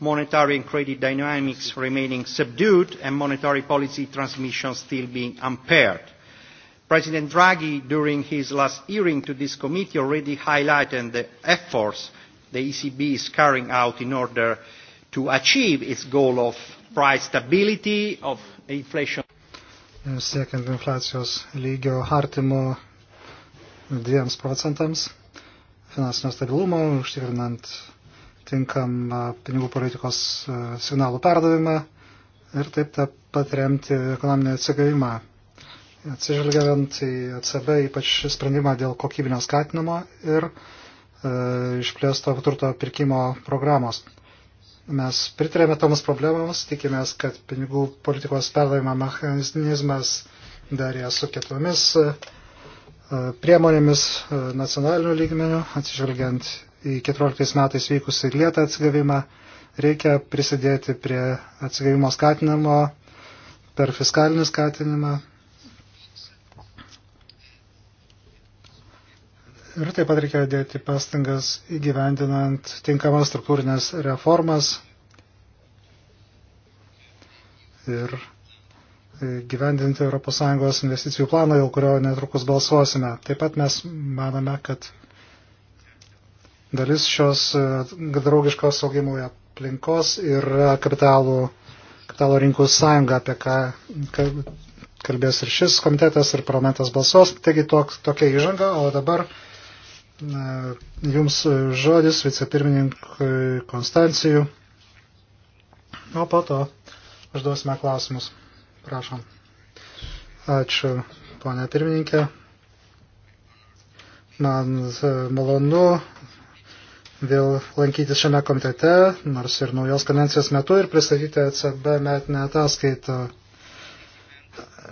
monetary and credit dynamics remaining subdued and monetary policy transmission still being impaired. President Draghi, during his last hearing to this committee, already highlighted the efforts the ECB is carrying out in order to achieve its goal of price stability, of inflation. Siekiant inflacijos lygio artimo 2 procentams, finansinio stabilumo, užtikrinant tinkamą pinigų politikos signalų perdavimą ir taip ta patremti ekonominį atsigavimą. Atsižvelgiant į ECB ypač sprendimą dėl kokybinio skatinimo ir e, išplėsto turto pirkimo programos. Mes pritarėme toms problemams, tikimės, kad pinigų politikos perdavimo mechanizmas darė su kitomis priemonėmis nacionaliniu lygmeniu, atsižvelgiant į 14 metais vykusį lietą atsigavimą, reikia prisidėti prie atsigavimo skatinimo per fiskalinį skatinimą. Ir taip pat reikia dėti pastangas įgyvendinant tinkamas struktūrinės reformas ir gyvendinti ES investicijų planą, dėl kurio netrukus balsuosime. Taip pat mes manome, kad Dalis šios e, draugiškos augimui aplinkos yra kapitalų, kapitalo rinkų sąjunga, apie ką kalbės ir šis komitetas, ir parlamentas balsuos. Taigi tok, tokia įžanga, o dabar na, jums žodis vicepirmininkui Konstancijų. O po to užduosime klausimus. Prašom. Ačiū, ponia pirmininkė. Man malonu vėl lankytis šiame komitete, nors ir naujos kadencijos metu, ir pristatyti ECB metinę ataskaitą.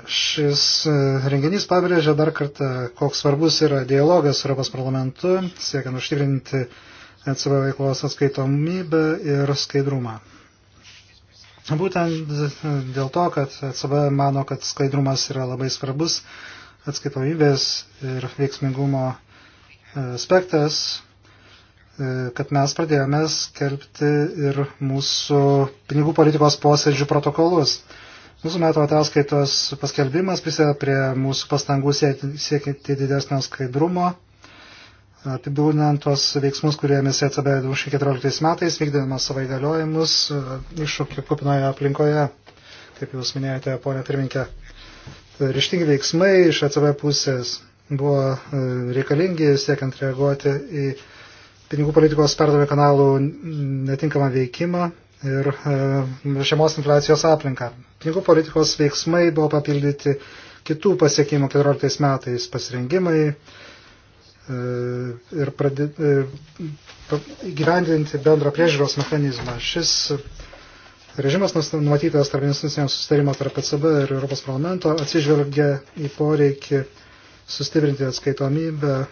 Šis e, renginys pabrėžia dar kartą, koks svarbus yra dialogas su Europos parlamentu, siekiant užtikrinti ECB veiklos atskaitomybę ir skaidrumą. Būtent dėl to, kad ECB mano, kad skaidrumas yra labai svarbus atskaitomybės ir veiksmingumo e, aspektas, E, kad mes pradėjome skelbti ir mūsų pinigų politikos posėdžių protokolus. Mūsų metų ataskaitos paskelbimas prisideda prie mūsų pastangų siekinti didesnio skaidrumo, apibūdinant tos veiksmus, kurie mes ECB 2014 metais vykdėdamas savo įgaliojimus e, iššūkių kupinoje aplinkoje, kaip jūs minėjote, ponė pirminkė. Ryštingi veiksmai iš ECB pusės buvo e, reikalingi siekiant reaguoti į pinigų politikos perdavimo kanalų netinkamą veikimą ir e, žemos infliacijos aplinką. Pinigų politikos veiksmai buvo papildyti kitų pasiekimų 14 metais pasirengimai e, ir pradė, e, gyvendinti bendrą priežiūros mechanizmą. Šis režimas numatytas tarp institucinio sustarimo tarp ECB ir Europos parlamento atsižvelgia į poreikį sustiprinti atskaitomybę e,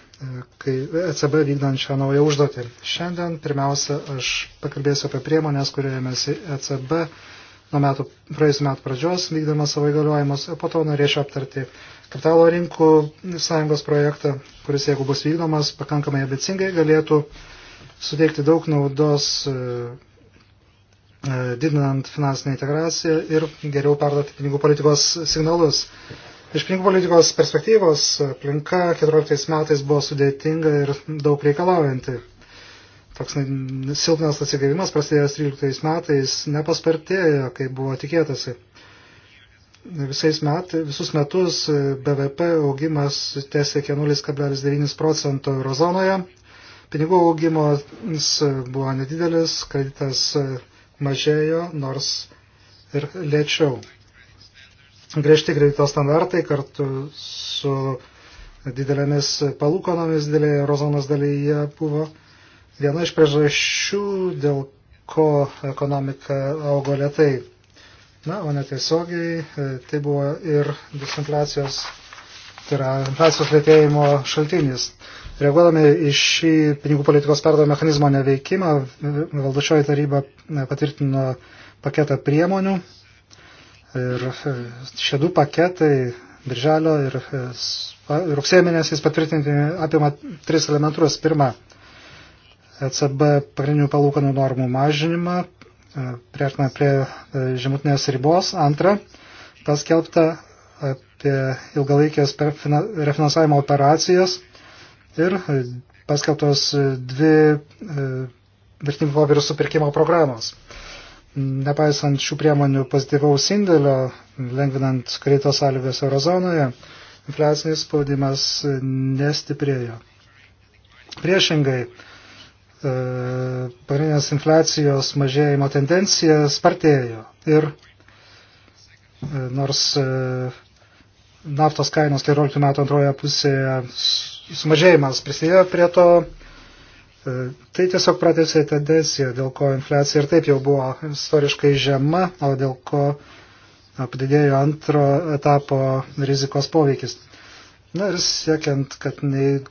kai ECB vykdant šią naują užduotį. Šiandien pirmiausia aš pakalbėsiu apie priemonės, kuriuojamėsi ECB nuo metų, praėjusiu metų pradžios vykdama savo įgaliojimus, po to norėčiau aptarti kapitalo rinkų sąjungos projektą, kuris, jeigu bus vykdomas, pakankamai ambicingai galėtų suteikti daug naudos e, e, didinant finansinę integraciją ir geriau perduoti pinigų politikos signalus. Iš pinigų politikos perspektyvos aplinka 14 metais buvo sudėtinga ir daug reikalaujanti. Toks silpnas atsigavimas prasidėjęs 13 metais nepaspartėjo, kaip buvo tikėtasi. Visais met, visus metus BVP augimas tiesiekė 0,9 procento eurozonoje, pinigų augimas buvo nedidelis, kreditas mažėjo, nors ir lėčiau griežti kredito standartai kartu su didelėmis palūkonomis didelėje eurozonos dalyje buvo viena iš priežasčių, dėl ko ekonomika augo lietai. Na, o netiesiogiai e, tai buvo ir disinflacijos, tai yra inflacijos lėtėjimo šaltinis. Reaguodami į šį pinigų politikos perdavimo mechanizmo neveikimą, valdačioji taryba e, patvirtino paketą priemonių Ir e, šie du paketai, birželio e, ir rugsėjo mėnesiais patvirtinti, apima tris elementus. Pirma, ECB pagrindinių palūkanų normų mažinimą, e, priartina prie žemutinės ribos. Antra, paskelbta apie ilgalaikės refinansavimo operacijas ir paskelbtos dvi vertimo popierių supirkimo programos nepaisant šių priemonių pozityvaus indėlio, lengvinant kredito sąlygas eurozonoje, infliacinis spaudimas nestiprėjo. Priešingai, e, pagrindinės infliacijos mažėjimo tendencija spartėjo ir e, nors e, naftos kainos 14 metų antroje pusėje sumažėjimas prisidėjo prie to, E, tai tiesiog pratėsė tendenciją, dėl ko infliacija ir taip jau buvo istoriškai žema, o dėl ko padidėjo antro etapo rizikos poveikis. Na ir siekiant, kad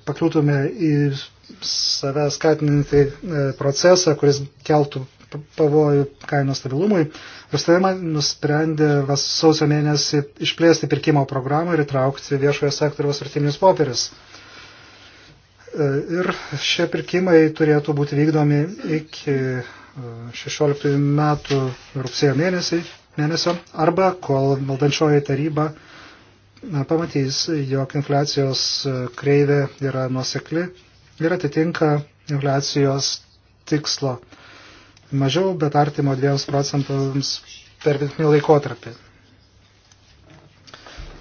pakliūtume į save skatinantį e, procesą, kuris keltų pavojų kainų stabilumui, Rustavimą nusprendė sausio mėnesį išplėsti pirkimo programą ir įtraukti viešojo sektoriaus vertinius popierius. Ir šie pirkimai turėtų būti vykdomi iki 16 e, metų rugsėjo mėnesį, mėnesio arba kol valdančioji taryba pamatys, jog infliacijos e, kreivė yra nuosekli ir atitinka infliacijos tikslo mažiau, bet artimo 2 procentams per vidutinį laikotarpį.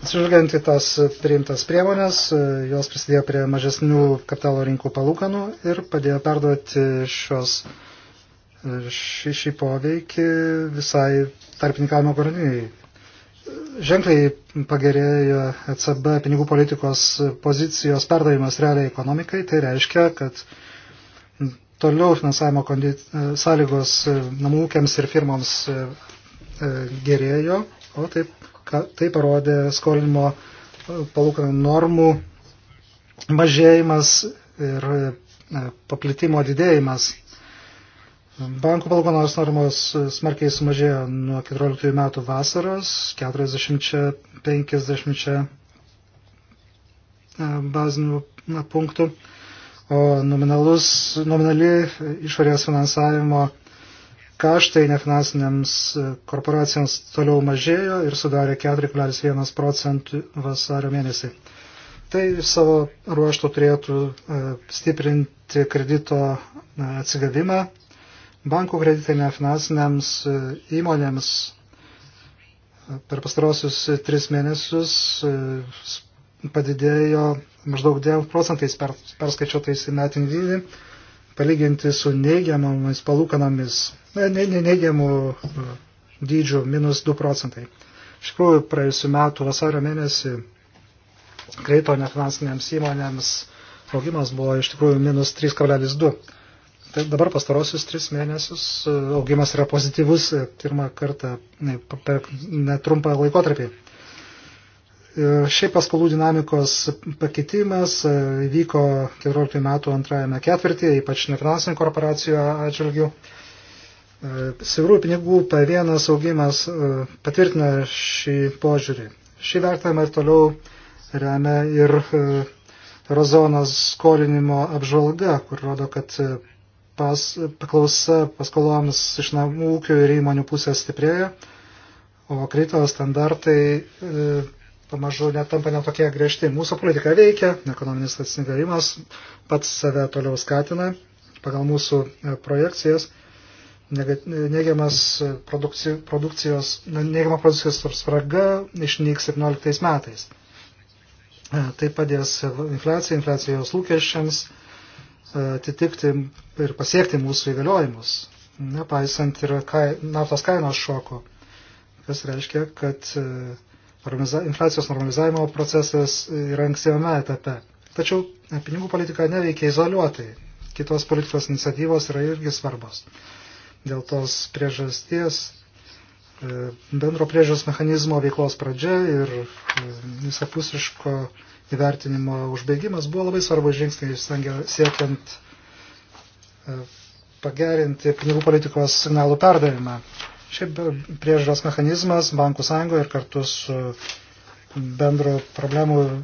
Atsižvelgiant į tas priimtas priemonės, jos prisidėjo prie mažesnių kapitalo rinkų palūkanų ir padėjo perduoti šios, šį, šį poveikį visai tarpininkavimo grandiniai. Ženkliai pagerėjo ECB pinigų politikos pozicijos perdavimas realiai ekonomikai, tai reiškia, kad toliau finansavimo sąlygos namų ūkiams ir firmoms e, gerėjo, o taip tai parodė skolinimo e, palūkanų normų mažėjimas ir e, paplitimo didėjimas. Bankų palūkanos normos smarkiai sumažėjo nuo 14 metų vasaros 40-50 e, bazinių punktų, o nominalus, nominali išorės finansavimo Kaštai nefinansinėms e, korporacijoms toliau mažėjo ir sudarė 4,1 procentų vasario mėnesį. Tai savo ruoštų turėtų e, stiprinti kredito e, atsigavimą. Bankų kreditai nefinansinėms įmonėms per pastarosius tris mėnesius padidėjo maždaug 9 procentais perskaičiuotais į metinį dydį palyginti su neigiamomis palūkanomis, ne, ne, neigiamų e, dydžių minus 2 procentai. Iš tikrųjų, praėjusiu metu vasario mėnesį greito nefinansinėms įmonėms augimas buvo iš tikrųjų minus 3,2. Tai dabar pastarosius 3 mėnesius e, augimas yra pozityvus e, pirmą kartą ne, per netrumpą laikotarpį. E, šiaip paskolų dinamikos pakitimas e, vyko 14 metų antrajame ketvirtyje, ypač nefinansinių korporacijų atžvilgių. E, Sivrų pinigų P1 augimas patvirtina šį požiūrį. Šį vertinimą ir toliau remia ir eurozonos skolinimo apžvalga, kur rodo, kad pas, paklausa paskoloms iš namų ūkių ir įmonių pusės stiprėja, o kredito standartai pamažu netampa netokie griežti. Mūsų politika veikia, ekonominis atsigavimas pats save toliau skatina pagal mūsų e, projekcijas. Neigiamas e, produkcijos, produkcijos, neigiama produkcijos spraga išnyks 17 metais. E, tai padės infliacijai, infliacijos lūkesčiams atitikti ir pasiekti mūsų įgaliojimus, nepaisant ir kai, naftos kainos šoko, kas reiškia, kad infliacijos normalizavimo procesas yra ankstyvame etape. Tačiau e, pinigų politika neveikia izoliuotai. Kitos politikos iniciatyvos yra irgi svarbos. Dėl tos priežasties e, bendro priežiūros mechanizmo veiklos pradžia ir e, visapusiško įvertinimo užbaigimas buvo labai svarbus žingsnis siekiant pagerinti pinigų politikos signalų perdavimą. Šiaip priežiūros mechanizmas bankų sąjungoje ir kartu su bendro problemų e,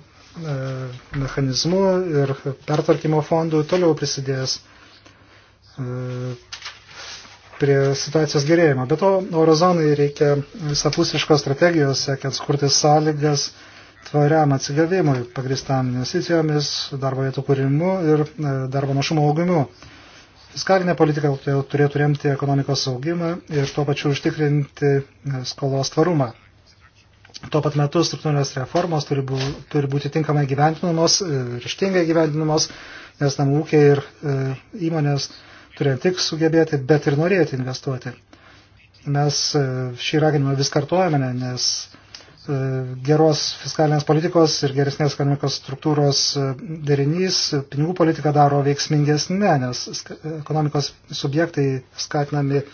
mechanizmu ir pertvarkymo fondu toliau prisidės e, prie situacijos gerėjimo. Be to, eurozonai reikia visapusiškos strategijos, siekiant skurti sąlygas tvariam atsigavimui, pagristam investicijomis, darbo vietų kūrimu ir e, darbo našumo augimu. Fiskalinė politika turėtų remti ekonomikos augimą ir tuo pačiu užtikrinti e, skolos tvarumą. Tuo pat metu struktūrinės reformos turi, bu, turi būti tinkamai gyventinamos, e, ryštingai gyventinamos, nes namų ūkiai ir e, įmonės turi ne tik sugebėti, bet ir norėti investuoti. Mes e, šį raginimą vis kartuojame, nes E, geros fiskalinės politikos ir geresnės ekonomikos struktūros e, derinys pinigų politiką daro veiksmingesnė, nes ekonomikos subjektai skatinami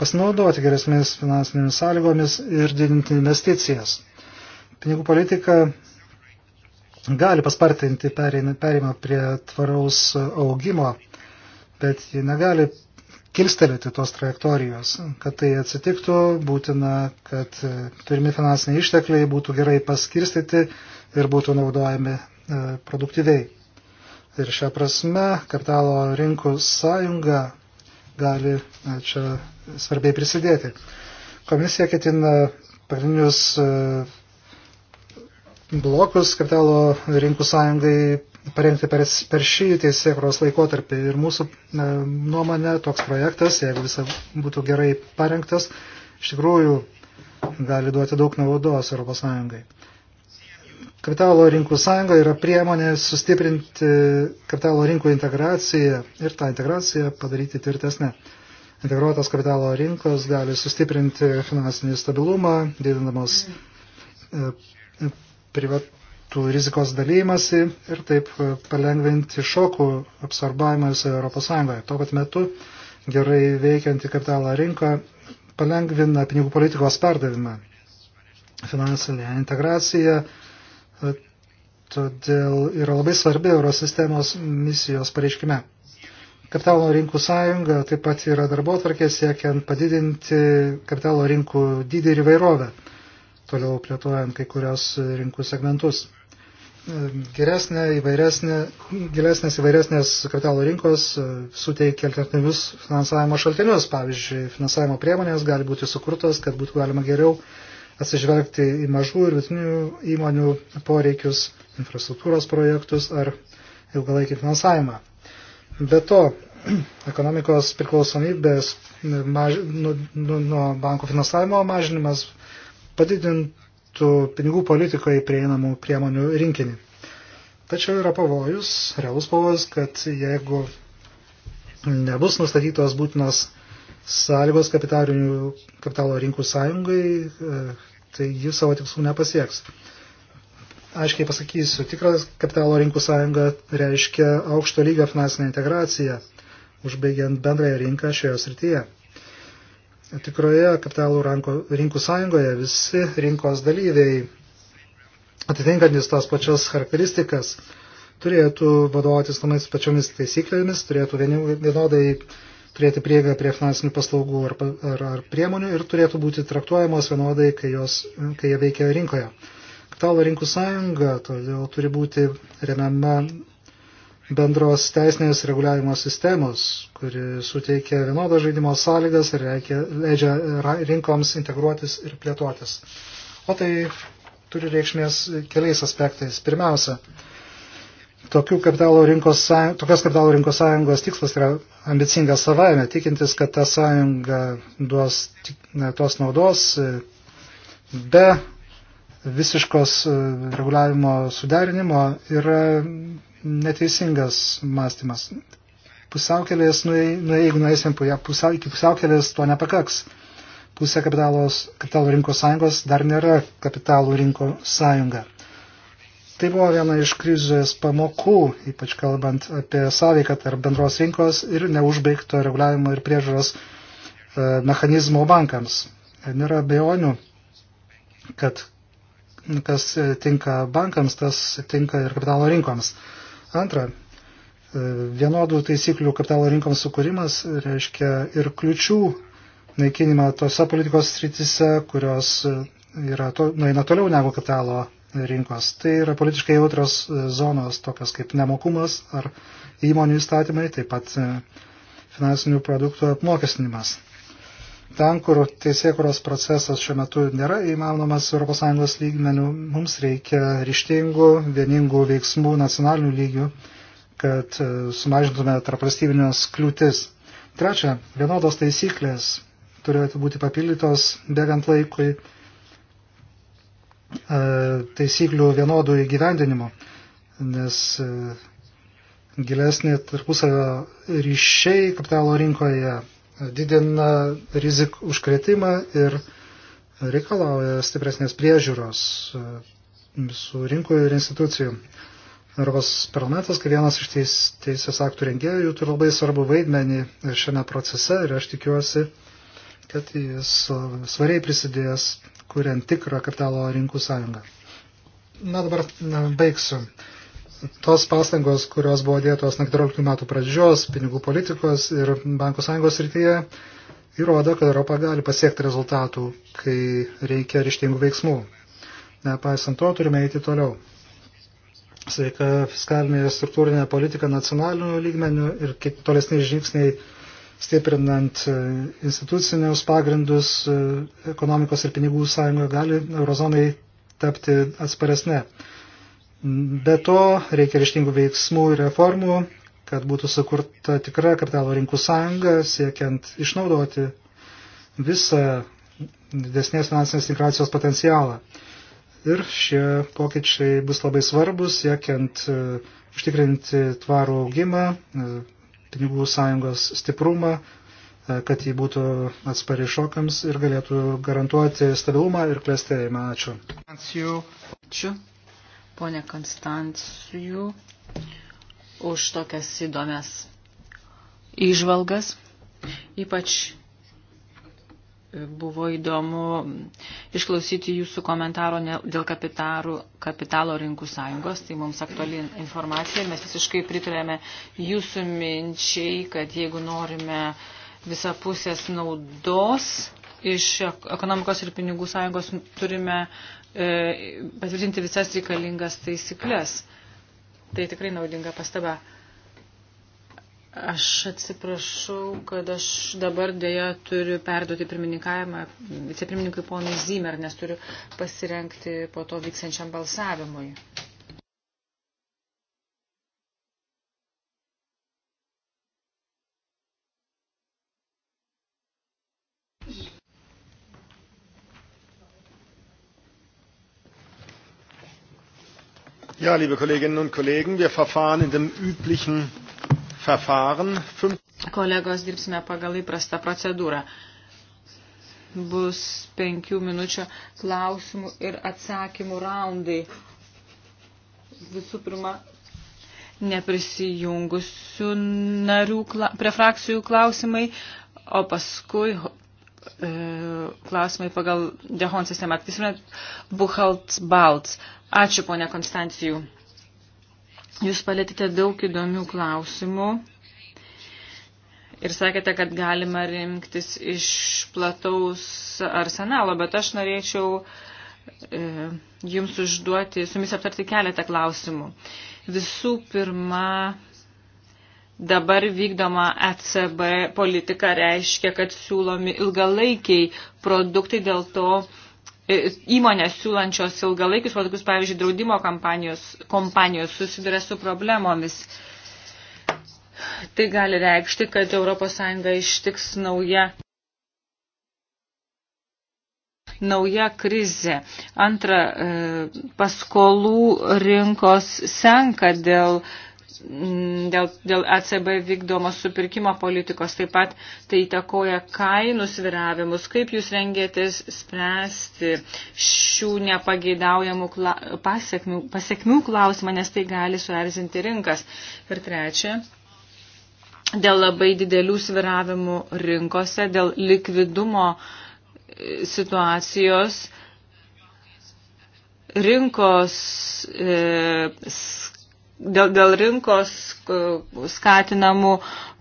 pasinaudoti geresnėmis finansinėmis sąlygomis ir didinti investicijas. Pinigų politika gali paspartinti perėjimą prie tvaraus augimo, bet ji negali kilstelėti tos trajektorijos. Kad tai atsitiktų, būtina, kad e, turimi finansiniai ištekliai būtų gerai paskirstyti ir būtų naudojami e, produktyviai. Ir šią prasme kapitalo rinkų sąjunga gali e, čia svarbiai prisidėti. Komisija ketina pagrindinius blokus kapitalo rinkų sąjungai parengti per, per šį teisėkros laikotarpį. Ir mūsų nuomonė toks projektas, jeigu visą būtų gerai parengtas, iš tikrųjų gali duoti daug naudos Europos Sąjungai. Kapitalo rinkų sąjunga yra priemonė sustiprinti kapitalo rinkų integraciją ir tą integraciją padaryti tvirtesnę. Integruotas kapitalo rinkos gali sustiprinti finansinį stabilumą, didinamos e, privat, tų rizikos dalymasi ir taip e, palengventi šokų absorbavimą visoje Europos Sąjungoje. Tuo pat metu gerai veikianti kapitalo rinka palengvina pinigų politikos perdavimą, finansinę integraciją, e, todėl yra labai svarbi Eurosistemos misijos pareiškime. Kapitalo rinkų sąjunga taip pat yra darbotvarkė siekiant padidinti kapitalo rinkų dydį ir įvairovę, toliau plėtojant kai kurios rinkų segmentus geresnė, įvairesnė, gilesnės įvairesnės kapitalo rinkos e, suteikia alternatyvius finansavimo šaltinius. Pavyzdžiui, finansavimo priemonės gali būti sukurtos, kad būtų galima geriau atsižvelgti į mažų ir vidutinių įmonių poreikius, infrastruktūros projektus ar ilgalaikį finansavimą. Be to, ekonomikos priklausomybės maž, nuo nu, nu, bankų finansavimo mažinimas padidint tų pinigų politikoje prieinamų priemonių rinkinį. Tačiau yra pavojus, realus pavojus, kad jeigu nebus nustatytos būtinos sąlygos kapitalo rinkų sąjungai, e, tai ji savo tikslų nepasieks. Aiškiai pasakysiu, tikras kapitalo rinkų sąjunga reiškia aukšto lygio finansinę integraciją, užbaigiant bendrąją rinką šioje srityje tikroje kapitalų ranko, rinkų sąjungoje visi rinkos dalyviai atitinkantis tas pačias charakteristikas turėtų vadovautis tomis pačiomis taisyklėmis, turėtų vienodai turėti prieigą prie finansinių paslaugų ar, ar, ar priemonių ir turėtų būti traktuojamos vienodai, kai, jos, kai jie veikia rinkoje. Kapitalo rinkų sąjunga todėl turi būti remiama bendros teisinės reguliavimo sistemos, kuri suteikia vienodas žaidimo sąlygas ir reikia, leidžia rinkoms integruotis ir plėtotis. O tai turi reikšmės keliais aspektais. Pirmiausia, kapitalo rinkos, tokios kapitalo rinkos sąjungos tikslas yra ambicingas savaime, tikintis, kad ta sąjunga duos tos naudos be visiškos e, reguliavimo suderinimo yra neteisingas mąstymas. Pusiaukelės, nu, jeigu nueisim pusiau, iki pusiaukelės, to nepakaks. Pusė kapitalos, kapitalo rinkos sąjungos dar nėra kapitalų rinko sąjunga. Tai buvo viena iš krizės pamokų, ypač kalbant apie sąveiką tarp bendros rinkos ir neužbaigto reguliavimo ir priežaros e, mechanizmo bankams. Nėra bejonių, kad kas tinka bankams, tas tinka ir kapitalo rinkoms. Antra, e, vienodų taisyklių kapitalo rinkoms sukūrimas reiškia ir kliučių naikinimą tose politikos strytise, kurios e, yra to, nueina toliau negu kapitalo rinkos. Tai yra politiškai jautrios e, zonos, tokios kaip nemokumas ar įmonių įstatymai, taip pat finansinių produktų apmokestinimas. Ten, kur teisėkuros procesas šiuo metu nėra įmanomas ES lygmenių, mums reikia ryštingų, vieningų veiksmų nacionalinių lygių, kad e, sumažintume tarpvalstybinės kliūtis. Trečia, vienodos taisyklės turėtų būti papildytos bėgant laikui e, taisyklių vienodų įgyvendinimo, nes e, gilesnė tarpusavio ryšiai kapitalo rinkoje didina rizik užkretimą ir reikalauja stipresnės priežiūros e, visų rinkų ir institucijų. Europos parlamentas, kaip vienas iš teis, teisės aktų rengėjų, turi labai svarbu vaidmenį šiame procese ir aš tikiuosi, kad jis e, svariai prisidės kuriant tikrą kapitalo rinkų sąjungą. Na dabar na, baigsiu tos pastangos, kurios buvo dėtos 14 metų pradžios pinigų politikos ir bankų sąjungos rytyje, įrodo, kad Europa gali pasiekti rezultatų, kai reikia ryštingų veiksmų. Nepaisant to, turime eiti toliau. Sveika fiskalinė struktūrinė politika nacionalinių lygmenių ir tolesni žingsniai stiprinant e, institucinius pagrindus e, ekonomikos ir pinigų sąjungoje gali eurozonai tapti atsparesnė. Be to, reikia ryštingų veiksmų ir reformų, kad būtų sukurta tikra kapitalo rinkų sąjunga, siekiant išnaudoti visą didesnės finansinės integracijos potencialą. Ir šie pokyčiai bus labai svarbus, siekiant e, užtikrinti tvarų augimą, e, pinigų sąjungos stiprumą, e, kad jį būtų atspari šokams ir galėtų garantuoti stabilumą ir klėstėjimą. Ačiū. Ačiū ponė Konstancijų, už tokias įdomias įžvalgas. Ypač e, buvo įdomu išklausyti jūsų komentaro dėl kapitarų, kapitalo rinkų sąjungos. Tai mums aktuali informacija. Mes visiškai pritarėme jūsų minčiai, kad jeigu norime visapusės naudos iš ekonomikos ir pinigų sąjungos, turime E, patvirtinti visas reikalingas taisyklės. Tai tikrai naudinga pastaba. Aš atsiprašau, kad aš dabar dėja turiu perduoti pirmininkavimą vicepirmininkui ponui Zimer, nes turiu pasirenkti po to vyksiančiam balsavimui. Ja, liebe Kolleginnen und Kollegen, wir verfahren in dem üblichen Verfahren. Fünf Kolegos, dirbsime pagal įprastą procedūrą. Bus penkių minučių klausimų ir atsakymų raundai. Visų pirma, neprisijungusių narių kla, prie frakcijų klausimai, o paskui E, klausimai pagal Dehon sistemą. Atkisimėt Buchalt Balts. Ačiū, ponė Konstancijų. Jūs palėtite daug įdomių klausimų ir sakėte, kad galima rinktis iš plataus arsenalo, bet aš norėčiau e, jums užduoti, su jumis aptarti keletą klausimų. Visų pirma, dabar vykdoma ECB politika reiškia, kad siūlomi ilgalaikiai produktai, dėl to e, įmonės siūlančios ilgalaikius produktus, pavyzdžiui, draudimo kompanijos, kompanijos susiduria su problemomis. Tai gali reikšti, kad ES ištiks nauja, nauja krizė. Antra, e, paskolų rinkos senka dėl Mm, dėl, dėl ECB vykdomos supirkimo politikos, taip pat tai įtakoja kainų sviravimus. Kaip jūs rengėtės spręsti šių nepageidaujamų kla, pasiekmių, pasiekmių klausimą, nes tai gali suerzinti rinkas. Ir trečia, dėl labai didelių sviravimų rinkose, dėl likvidumo e, situacijos rinkos e, dėl, dėl rinkos skatinamų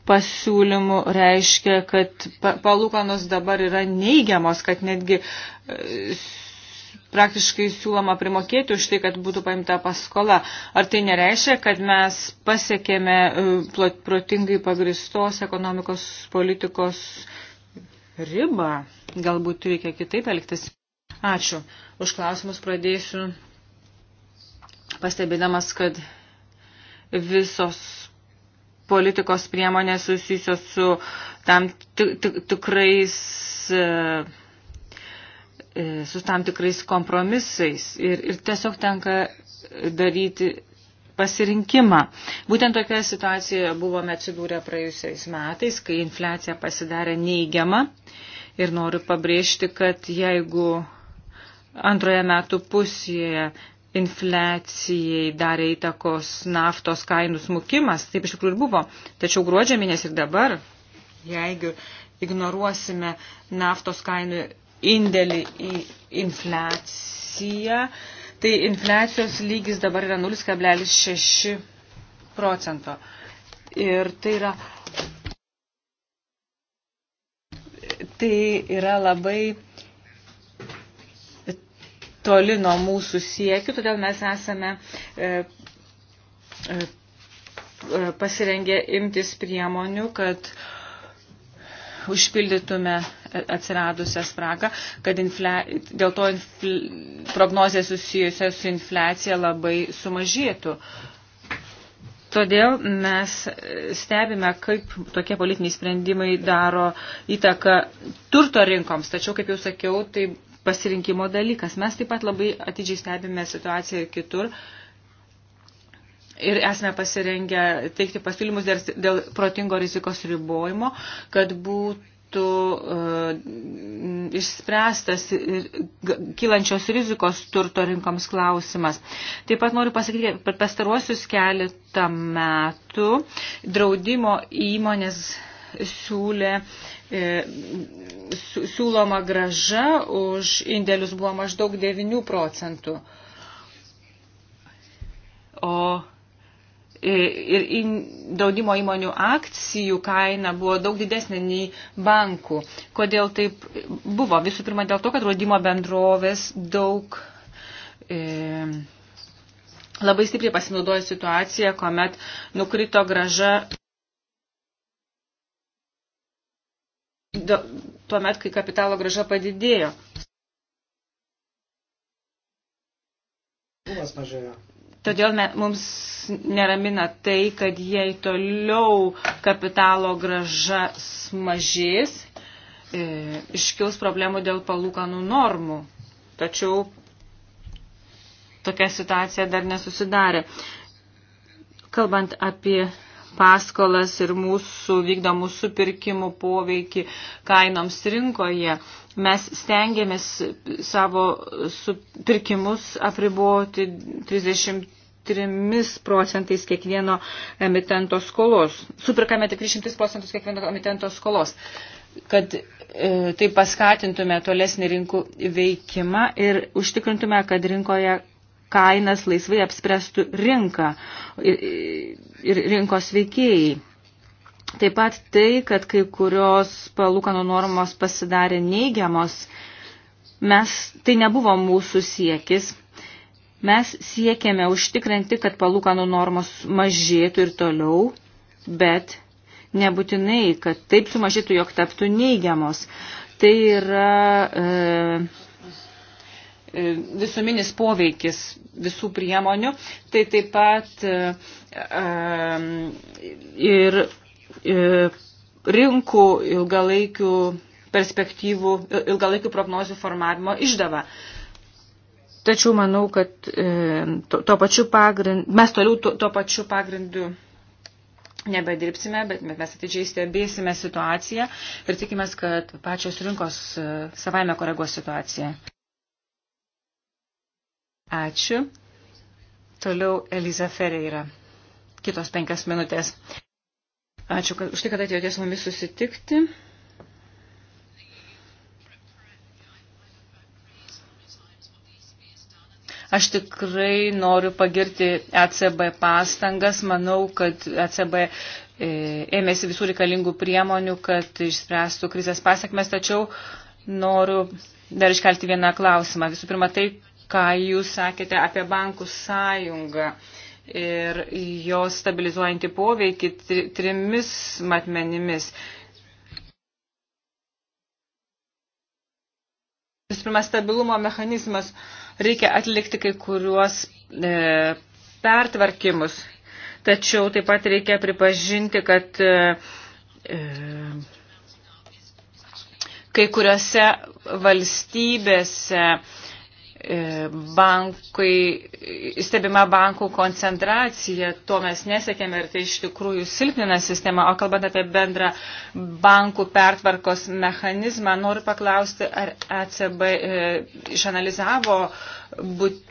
pasiūlymų reiškia, kad palūkanos dabar yra neigiamos, kad netgi e, praktiškai siūloma primokėti už tai, kad būtų paimta paskola. Ar tai nereiškia, kad mes pasiekėme e, protingai pagristos ekonomikos politikos ribą? Galbūt reikia kitaip elgtis. Ačiū. Už klausimus pradėsiu pastebėdamas, kad visos politikos priemonės susijusios su tam tikrais e, e, su tam tikrais kompromisais ir, ir tiesiog tenka daryti pasirinkimą. Būtent tokioje situacijoje buvome atsidūrę praėjusiais metais, kai infliacija pasidarė neigiama ir noriu pabrėžti, kad jeigu antroje metų pusėje infliacijai darė įtakos naftos kainų smukimas, taip iš tikrųjų ir buvo. Tačiau gruodžio mėnesį ir dabar, jeigu ignoruosime naftos kainų indėlį į infliaciją, tai infliacijos lygis dabar yra 0,6 procento. Ir tai yra, tai yra labai toli nuo mūsų siekių, todėl mes esame e, e, e, pasirengę imtis priemonių, kad užpildytume atsiradusią spragą, kad infle, dėl to infl, prognozė susijusia su inflecija labai sumažėtų. Todėl mes stebime, kaip tokie politiniai sprendimai daro įtaką turto rinkoms. Tačiau, kaip jau sakiau, tai pasirinkimo dalykas. Mes taip pat labai atidžiai stebime situaciją ir kitur ir esame pasirengę teikti pasiūlymus dėl protingo rizikos ribojimo, kad būtų uh, išspręstas kylančios rizikos turto rinkoms klausimas. Taip pat noriu pasakyti, kad pastaruosius keletą metų draudimo įmonės siūlė E, siūloma graža už indėlius buvo maždaug 9 procentų. O e, ir draudimo įmonių akcijų kaina buvo daug didesnė nei bankų. Kodėl taip buvo? Visų pirma, dėl to, kad draudimo bendrovės daug e, labai stipriai pasinaudojo situaciją, kuomet nukrito graža. tuo met, kai kapitalo graža padidėjo. Todėl me, mums neramina tai, kad jei toliau kapitalo graža mažės, e, iškils problemų dėl palūkanų normų. Tačiau tokia situacija dar nesusidarė. Kalbant apie paskolas ir mūsų vykdomų supirkimų poveikį kainoms rinkoje. Mes stengiamės savo pirkimus apriboti 33 procentais kiekvieno emitento skolos. Supirkame tik 300 procentus kiekvieno emitento skolos kad e, tai paskatintume tolesnį rinkų veikimą ir užtikrintume, kad rinkoje kainas laisvai apspręstų rinką ir rinkos veikėjai. Taip pat tai, kad kai kurios palūkanų normos pasidarė neigiamos, mes, tai nebuvo mūsų siekis. Mes siekėme užtikrinti, kad palūkanų normos mažėtų ir toliau, bet nebūtinai, kad taip sumažėtų, jog taptų neigiamos. Tai yra e, E, visuminis poveikis visų priemonių, tai taip pat e, e, ir rinkų ilgalaikių perspektyvų, ilgalaikių prognozių formavimo išdava. Tačiau manau, kad to, to pačiu pagrindu, mes toliau to, to pačiu pagrindu nebedirbsime, bet mes atidžiai stebėsime situaciją ir tikimės, kad pačios rinkos savaime koreguos situaciją. Ačiū. Toliau Eliza Ferreira. Kitos penkias minutės. Ačiū kad, už tai, kad atėjote su mumis susitikti. Aš tikrai noriu pagirti ECB pastangas. Manau, kad ECB e, ėmėsi visų reikalingų priemonių, kad išspręstų krizės pasiekmes, tačiau noriu dar iškelti vieną klausimą. Visų pirma, tai, ką jūs sakėte apie bankų sąjungą ir jos stabilizuojantį poveikį tri, trimis matmenimis. Visų pirma, stabilumo mechanizmas reikia atlikti kai kuriuos e, pertvarkimus, tačiau taip pat reikia pripažinti, kad e, e kai kuriuose valstybėse e, E, bankai, stebima bankų koncentracija, to mes nesiekėme ir tai iš tikrųjų silpnina sistemą. O kalbant apie bendrą bankų pertvarkos mechanizmą, noriu paklausti, ar ECB e, išanalizavo būt,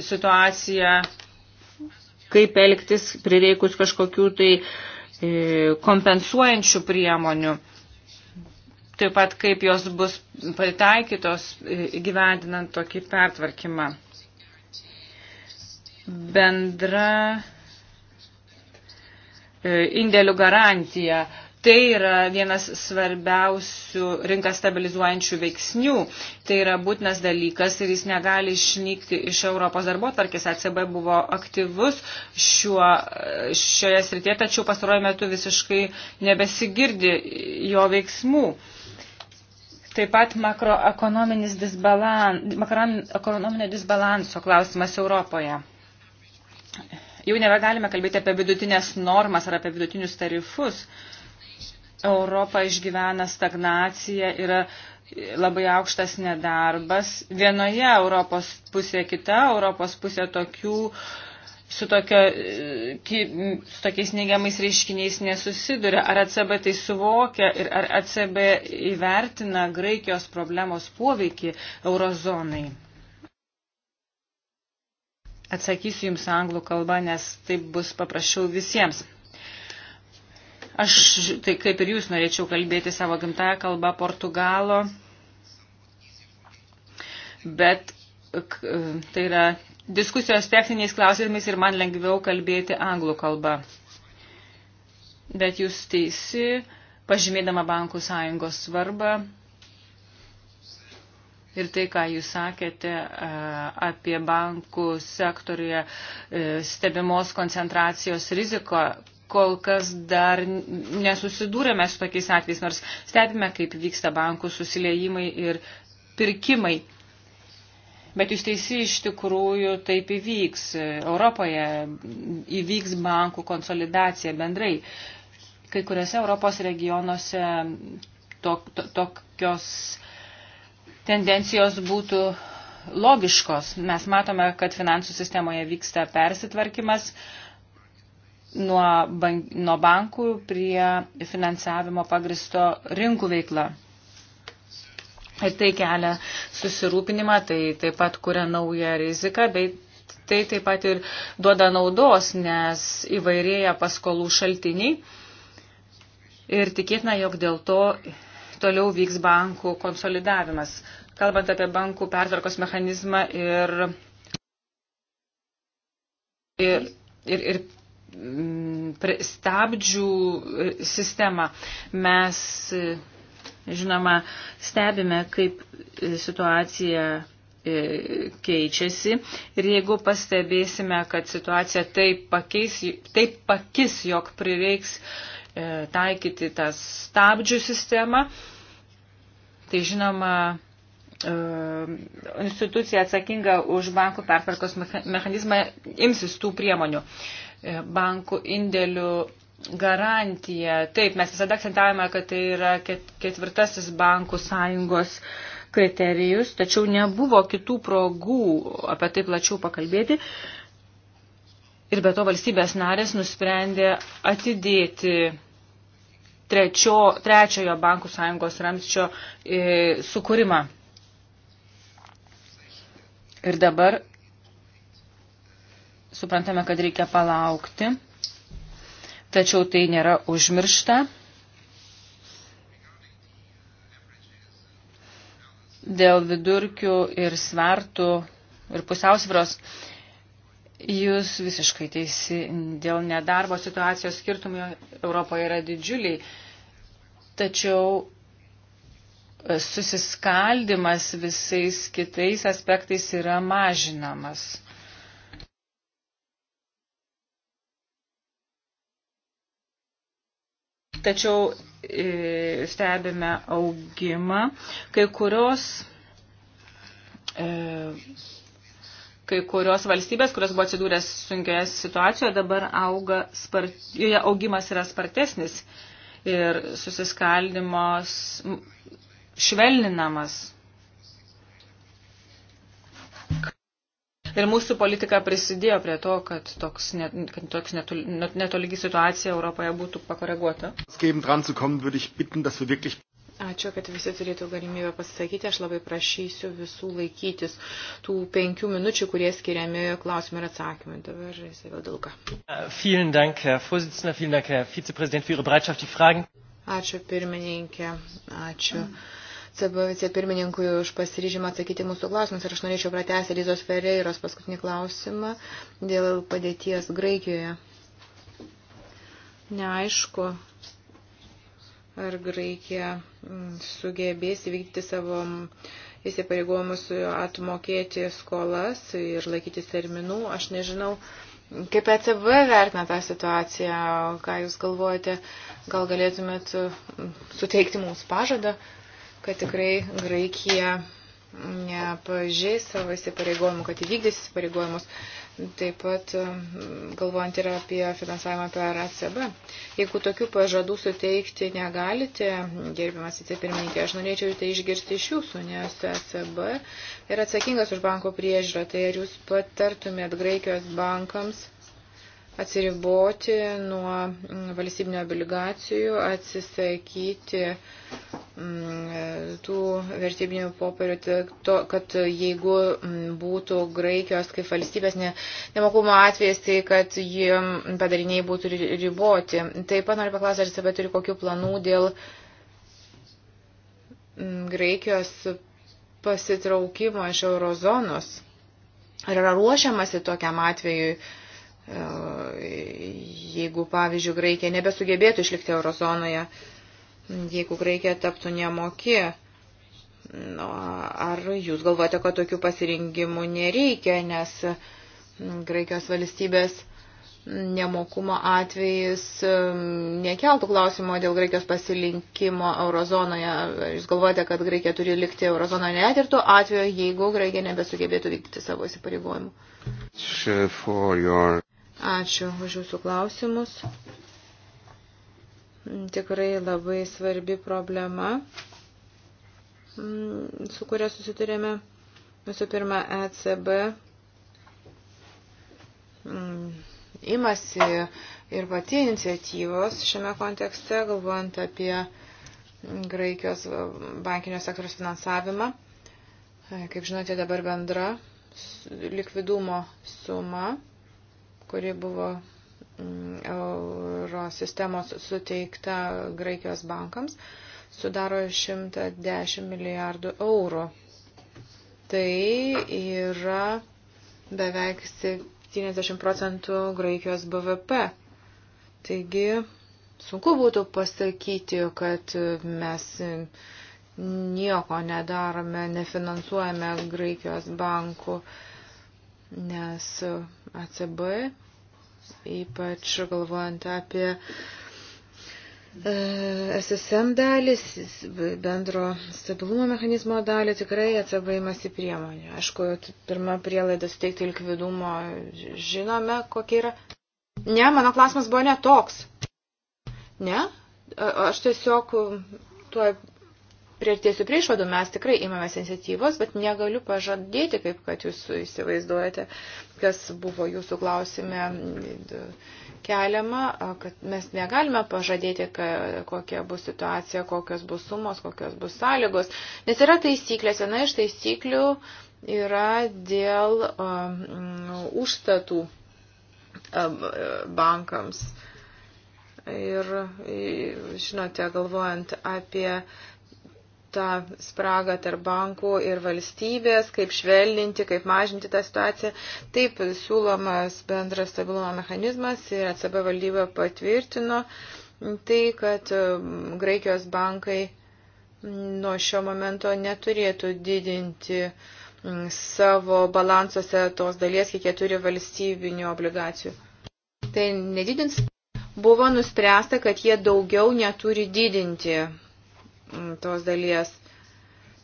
situaciją, kaip elgtis prireikus kažkokių tai e, kompensuojančių priemonių. E, taip pat kaip jos bus pritaikytos gyvendinant tokį pertvarkymą. Bendra e, indėlių garantija. Tai yra vienas svarbiausių rinką stabilizuojančių veiksnių. Tai yra būtinas dalykas ir jis negali išnykti iš Europos darbo tarkis. ECB buvo aktyvus šiuo, šioje srityje, tačiau pastaruoju metu visiškai nebesigirdi jo veiksmų. Uh, Taip pat makroekonominis disbalan, makroekonominio disbalanso klausimas Europoje. Jau nebegalime kalbėti apie vidutinės normas ar apie vidutinius tarifus. Europa išgyvena stagnaciją, yra labai aukštas nedarbas. Vienoje Europos pusėje kita, Europos pusėje tokių uh, su, tokio, su tokiais neigiamais reiškiniais nesusiduria. Ar ECB tai suvokia ir ar ECB įvertina Graikijos problemos poveikį eurozonai? Atsakysiu Jums anglų kalbą, nes taip bus paprasčiau visiems. Aš, tai kaip ir Jūs, norėčiau kalbėti savo gimtają kalbą portugalo, bet tai yra diskusijos techniniais klausimais ir man lengviau kalbėti anglų kalbą. Bet jūs teisi, pažymėdama bankų sąjungos svarbą ir tai, ką jūs sakėte apie bankų sektoriuje e, stebimos koncentracijos riziko, kol kas dar nesusidūrėme su tokiais atvejais, nors stebime, kaip vyksta bankų susiliejimai ir pirkimai. Bet jūs teisi iš tikrųjų taip įvyks. Europoje įvyks bankų konsolidacija bendrai. Kai kuriuose Europos regionuose tok, to, tokios tendencijos būtų logiškos. Mes matome, kad finansų sistemoje vyksta persitvarkymas nuo, bank, nuo bankų prie finansavimo pagristo rinkų veikla. Ir tai kelia susirūpinimą, tai taip pat kuria naują riziką, bei tai taip pat ir duoda naudos, nes įvairėja paskolų šaltiniai. Ir tikėtina, jog dėl to toliau vyks bankų konsolidavimas. Kalbant apie bankų pertvarkos mechanizmą ir, ir, ir, ir mm, stabdžių e, sistemą, mes Žinoma, stebime, kaip e, situacija e, keičiasi ir jeigu pastebėsime, kad situacija taip, pakeis, taip pakis, jog prireiks e, taikyti tą stabdžių sistemą, tai žinoma, institucija atsakinga už bankų pertvarkos mechanizmą imsis tų priemonių. Bankų indėlių garantija. Taip, mes visada akcentavome, kad tai yra ketvirtasis bankų sąjungos kriterijus, tačiau nebuvo kitų progų apie tai plačiau pakalbėti. Ir be to valstybės narės nusprendė atidėti trečio, trečiojo bankų sąjungos ramsčio e, sukūrimą. Ir dabar suprantame, kad reikia palaukti tačiau tai nėra užmiršta. Dėl vidurkių ir svertų ir pusiausvros jūs visiškai teisi, dėl nedarbo situacijos skirtumai Europoje yra didžiuliai, tačiau e, susiskaldimas visais kitais aspektais yra mažinamas. tačiau e, stebime augimą. Kai kurios, e, kai kurios valstybės, kurios buvo atsidūręs sunkioje situacijoje, dabar auga spart, joje augimas yra spartesnis ir susiskaldimas švelninamas Ir mūsų politika prisidėjo prie to, kad toks, net, kad toks netol, net, netolygi situacija Europoje būtų pakoreguota. Ačiū, kad visi turėtų galimybę pasisakyti. Aš labai prašysiu visų laikytis tų penkių minučių, kurie skiriami klausimų ir atsakymų. Dabar Sevadulka. Äh, ačiū pirmininkė, ačiū ähm. CB vicepirmininkui už pasiryžimą atsakyti mūsų klausimus ir aš norėčiau pratęsti Lizos Ferreiros paskutinį klausimą dėl padėties Graikijoje. Neaišku, ar Graikija mm, sugebės įvykti savo mm, įsipareigojimus atmokėti skolas ir laikytis terminų. Aš nežinau, Kaip ECB vertina tą situaciją, ką Jūs galvojate, gal galėtumėt mm, suteikti mums pažadą? kad tikrai Graikija nepažeis savo įsipareigojimų, kad įvykdys įsipareigojimus, taip pat mm, galvojant ir apie finansavimą per ACB. Jeigu tokių pažadų suteikti negalite, gerbiamas įsipirmininkė, aš norėčiau tai išgirsti iš jūsų, nes ACB yra atsakingas už banko priežiūrą, tai ar jūs patartumėt Graikijos bankams atsiriboti nuo mm, valstybinio obligacijų, atsisakyti mm, tų vertybinių popierių, kad jeigu mm, būtų Graikijos kaip valstybės ne, nemokumo atvejas, tai kad jie padariniai būtų riboti. Taip pat noriu paklausyti, ar CB turi kokių planų dėl Graikijos pasitraukimo iš eurozonos. Ar yra ruošiamasi tokiam atvejui? E, jeigu, pavyzdžiui, Graikija nebesugebėtų išlikti eurozonoje, jeigu Graikija taptų nemoki. Nu, ar jūs galvojate, kad tokių pasirinkimų nereikia, nes Graikijos valstybės nemokumo atvejis nekeltų klausimo dėl Graikijos pasilinkimo eurozonoje. Jūs galvojate, kad Graikija turi likti eurozonoje net ir tuo atveju, jeigu Graikija nebesugebėtų vykdyti savo įsipareigojimų. Your... Ačiū už Jūsų klausimus. Tikrai labai svarbi problema, mm, su kuria susiturėme. Visų pirma, ECB mm, imasi ir pati iniciatyvos šiame kontekste, galvojant apie Graikijos bankinio sektoriaus finansavimą. Kaip žinote, dabar bendra likvidumo suma kuri buvo mm, euro sistemos suteikta Graikijos bankams, sudaro 110 milijardų eurų. Tai yra beveik 70 procentų Graikijos BVP. Taigi sunku būtų pasakyti, kad mes nieko nedarome, nefinansuojame Graikijos bankų. Uh, nes ACB, ypač galvojant apie e, SSM dalis, bendro stabilumo mechanizmo dalį tikrai ECB imasi priemonių. Aišku, pirma prielaida suteikti likvidumo žinome, kokia yra. Ne, mano klausimas buvo netoks. Ne, aš tiesiog tuo prieartėsiu prie išvadų, mes tikrai imamės iniciatyvos, bet negaliu pažadėti, kaip kad jūs įsivaizduojate, kas buvo jūsų klausime keliama, kad mes negalime pažadėti, kokia bus situacija, kokios bus sumos, kokios bus sąlygos, nes yra taisyklės, viena iš taisyklių yra dėl um, užstatų um, bankams. Ir, žinote, galvojant apie uh, tą spragą tarp bankų ir valstybės, kaip švelninti, kaip mažinti tą situaciją. Taip siūlomas bendras stabilumo mechanizmas ir ECB valdyba patvirtino tai, kad um, Graikijos bankai mm, nuo šio momento neturėtų didinti mm, savo balansuose tos dalies, kiek jie turi valstybinių obligacijų. Tai nedidins. Buvo nuspręsta, kad jie daugiau neturi didinti Mm, tos dalies.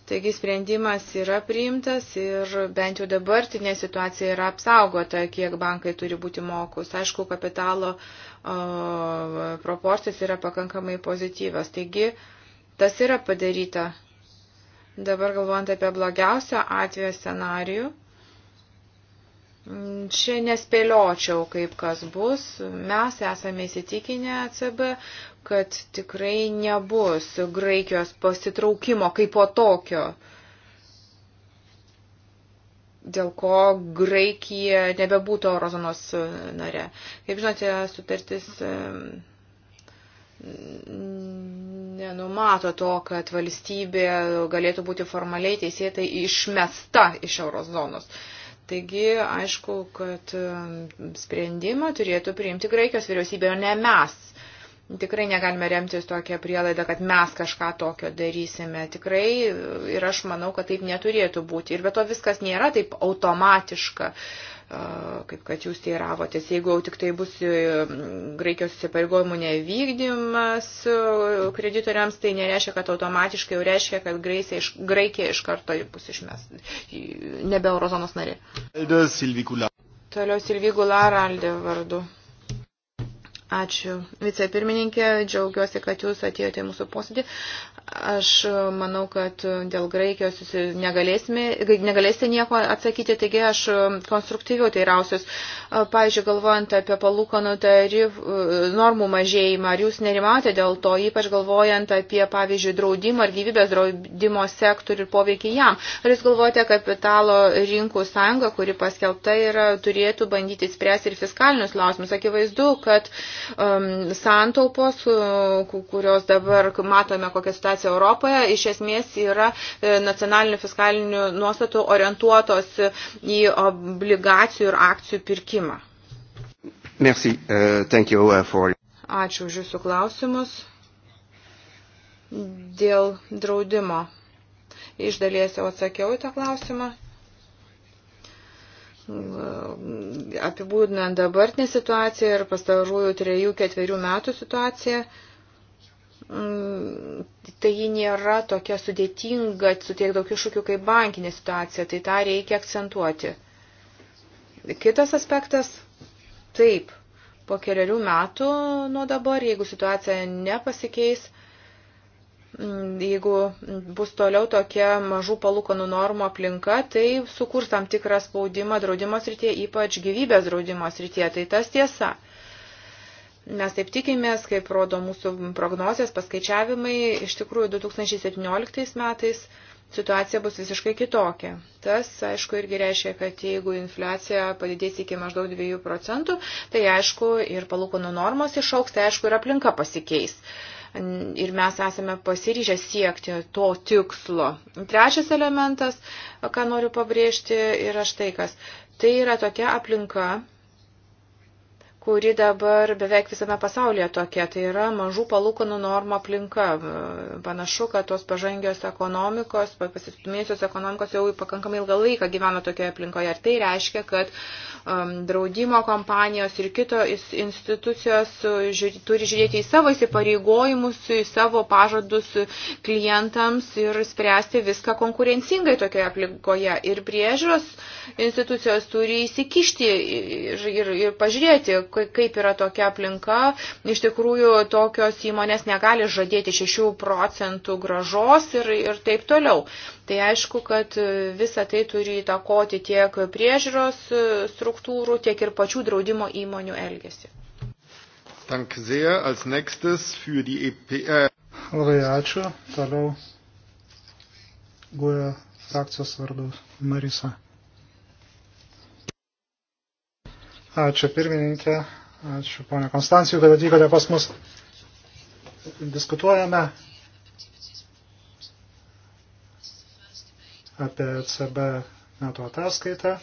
Taigi sprendimas yra priimtas ir bent jau dabartinė situacija yra apsaugota, kiek bankai turi būti mokus. Aišku, kapitalo o, proporcijas yra pakankamai pozityvios. Taigi tas yra padaryta. Dabar galvojant apie blogiausią atvejo scenarijų, Čia nespėliočiau, kaip kas bus. Mes esame įsitikinę ECB, kad tikrai nebus Graikijos pasitraukimo kaip po tokio dėl ko Graikija nebebūtų eurozonos nare. Kaip žinote, sutartis nenumato to, kad valstybė galėtų būti formaliai teisėtai išmesta iš eurozonos. Uh, Taigi, aišku, kad um, sprendimą turėtų priimti Graikijos vyriausybė, o ne mes. Tikrai negalime remtis tokią prielaidą, kad mes kažką tokio darysime. Tikrai ir aš manau, kad taip neturėtų būti. Ir be to viskas nėra taip automatiška. Uh, kaip kad jūs teiravotės, jeigu jau tik tai bus e, Graikijos įsipareigojimų nevykdymas e, kreditoriams, tai nereiškia, kad automatiškai jau reiškia, kad iš, Graikija iš karto bus išmes, nebe eurozonos narė. Toliau Silvigų Laraldė vardu. Ačiū vicepirmininkė, džiaugiuosi, kad jūs atėjote į mūsų posėdį. Aš manau, kad dėl Graikijos jūs negalėsite nieko atsakyti, taigi aš konstruktyviau teirausius. Pavyzdžiui, galvojant apie palūkanų tarif, normų mažėjimą, ar jūs nerimate dėl to, ypač galvojant apie, pavyzdžiui, draudimą ar gyvybės draudimo sektorių ir poveikį jam. Ar jūs galvojate, kapitalo rinkų sąjunga, kuri paskelbta yra, turėtų bandyti spręsti ir fiskalinius klausimus? Akivaizdu, kad um, santaupos, kurios dabar matome kokią situaciją, situacija Europoje iš esmės yra e, nacionalinių fiskalinių nuostatų orientuotos į obligacijų ir akcijų pirkimą. Merci, uh, thank you uh, for... Ačiū už Jūsų klausimus dėl draudimo. Iš dalies jau atsakiau į tą klausimą apibūdinant dabartinę situaciją ir pastarųjų trejų, ketverių metų situaciją, Mm, tai ji nėra tokia sudėtinga su tiek daug iššūkių kaip bankinė situacija, tai tą reikia akcentuoti. Kitas aspektas, taip, po keliarių metų nuo dabar, jeigu situacija nepasikeis, mm, jeigu bus toliau tokia mažų palūkanų normų aplinka, tai sukurs tam tikrą spaudimą draudimo srityje, ypač gyvybės draudimo srityje, tai tas tiesa. Mes taip tikimės, kaip rodo mūsų prognozijas, paskaičiavimai, iš tikrųjų 2017 metais situacija bus visiškai kitokia. Tas, aišku, irgi reiškia, kad jeigu infliacija padidės iki maždaug 2 procentų, tai aišku, ir palūkanų normos išauks, tai aišku, ir aplinka pasikeis ir mes esame pasiryžę siekti to tikslo. Trečias elementas, ką noriu pabrėžti, yra štai kas. Tai yra tokia aplinka, kuri dabar beveik visame pasaulyje tokia. Tai yra mažų palūkanų norma aplinka. Panašu, kad tos pažangios ekonomikos, pasistumėjusios ekonomikos jau pakankamai ilgą laiką gyvena tokioje aplinkoje. Ir tai reiškia, kad um, draudimo kompanijos ir kitos institucijos uh, žiūrė, turi žiūrėti į savo įsipareigojimus, į savo pažadus klientams ir spręsti viską konkurencingai tokioje aplinkoje. Ir priežiūros institucijos turi įsikišti ir, ir, ir pažiūrėti, kaip yra tokia aplinka, iš tikrųjų tokios įmonės negali žadėti 6 procentų gražos ir, ir taip toliau. Tai aišku, kad visa tai turi įtakoti tiek priežiūros struktūrų, tiek ir pačių draudimo įmonių elgesį. Dank sehr. Als nächstes für die EP. Äh, Labai ačiū. Toliau guoja e frakcijos vardu Marisa. Ačiū pirmininkė, ačiū ponė Konstancijų, kad atvykote pas mus. Diskutuojame apie CB metų ataskaitą.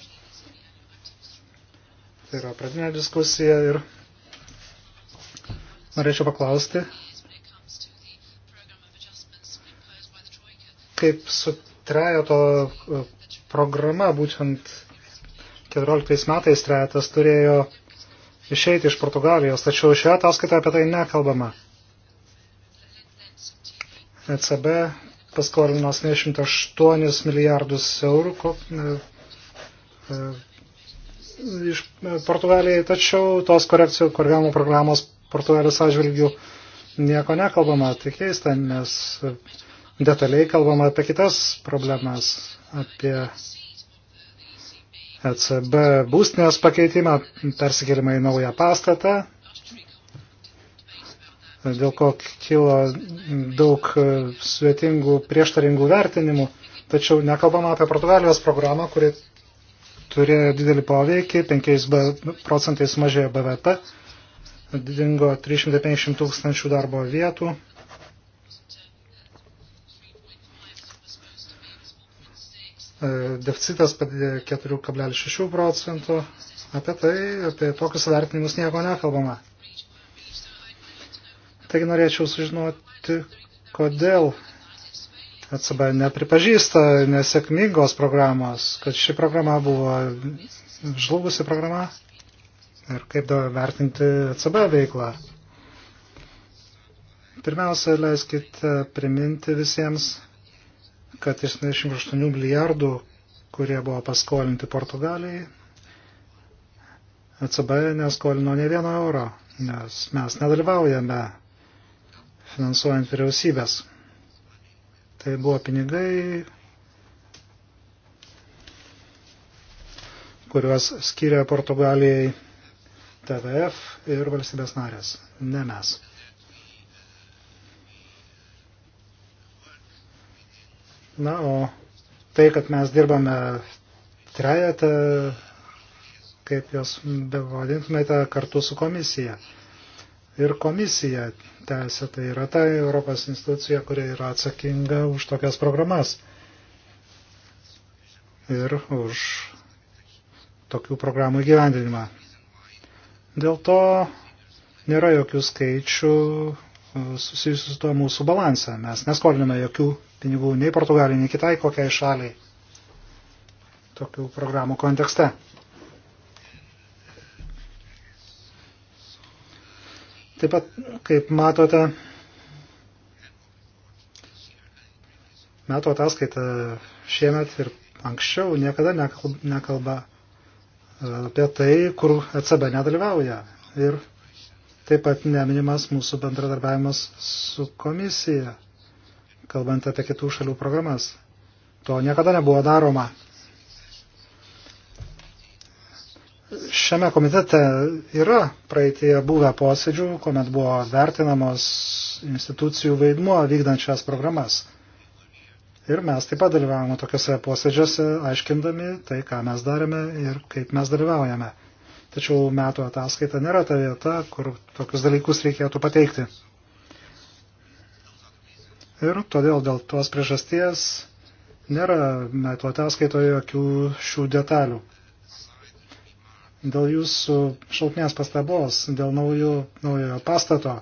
Tai yra pradinė diskusija ir norėčiau paklausti, kaip su trejato programa būtent 2014 metais trejatas turėjo išeiti iš Portugalijos, tačiau šioje ataskaitoje apie tai nekalbama. ECB paskolino 78 milijardus eurų e, e, iš e, Portugalijai, tačiau tos korekcijų korgamo programos Portugalijos atžvilgių nieko nekalbama, tai keista, nes detaliai kalbama apie kitas problemas, apie ECB būstinės pakeitimą, persikėlimą į naują pastatą, dėl ko kilo daug svetingų prieštaringų vertinimų, tačiau nekalbama apie Portugalijos programą, kuri turėjo didelį poveikį, 5 procentais mažėjo BVP, dingo 350 tūkstančių darbo vietų. E, deficitas padidėjo 4,6 procentų. Apie tai, apie tokius vertinimus nieko nekalbama. Taigi norėčiau sužinoti, kodėl ECB nepripažįsta nesėkmingos programos, kad ši programa buvo žlugusi programa ir kaip dabar vertinti ECB veiklą. Pirmiausia, leiskite priminti visiems kad iš 78 milijardų, kurie buvo paskolinti Portugalijai, ECB neskolino ne vieno euro, nes mes nedalyvaujame finansuojant vyriausybės. Tai buvo pinigai, kuriuos skiria Portugalijai TVF ir valstybės narės, ne mes. Na, o tai, kad mes dirbame trejetą, kaip jos bevadintumėte, kartu su komisija. Ir komisija tęsia, tai yra ta Europos institucija, kuri yra atsakinga už tokias programas ir už tokių programų įgyvendinimą. Dėl to nėra jokių skaičių, susijusiu su tuo mūsų balansą. Mes neskoliname jokių pinigų nei Portugalijai, nei kitai kokiai šaliai tokių programų kontekste. Taip pat, kaip matote, metų ataskaita šiemet ir anksčiau niekada nekalba e, apie tai, kur ECB nedalyvauja. Ir Taip pat neminimas mūsų bendradarbiavimas su komisija, kalbant apie kitų šalių programas. To niekada nebuvo daroma. Šiame komitete yra praeitie buvę posėdžių, kuomet buvo vertinamos institucijų vaidmuo vykdančias programas. Ir mes taip pat dalyvavome tokiuose posėdžiuose, aiškindami tai, ką mes darėme ir kaip mes dalyvaujame. Tačiau metų ataskaita nėra ta vieta, kur tokius dalykus reikėtų pateikti. Ir todėl dėl tos priežasties nėra metų ataskaitoje jokių šių detalių. Dėl jūsų šaltinės pastabos, dėl naujų, naujojo pastato,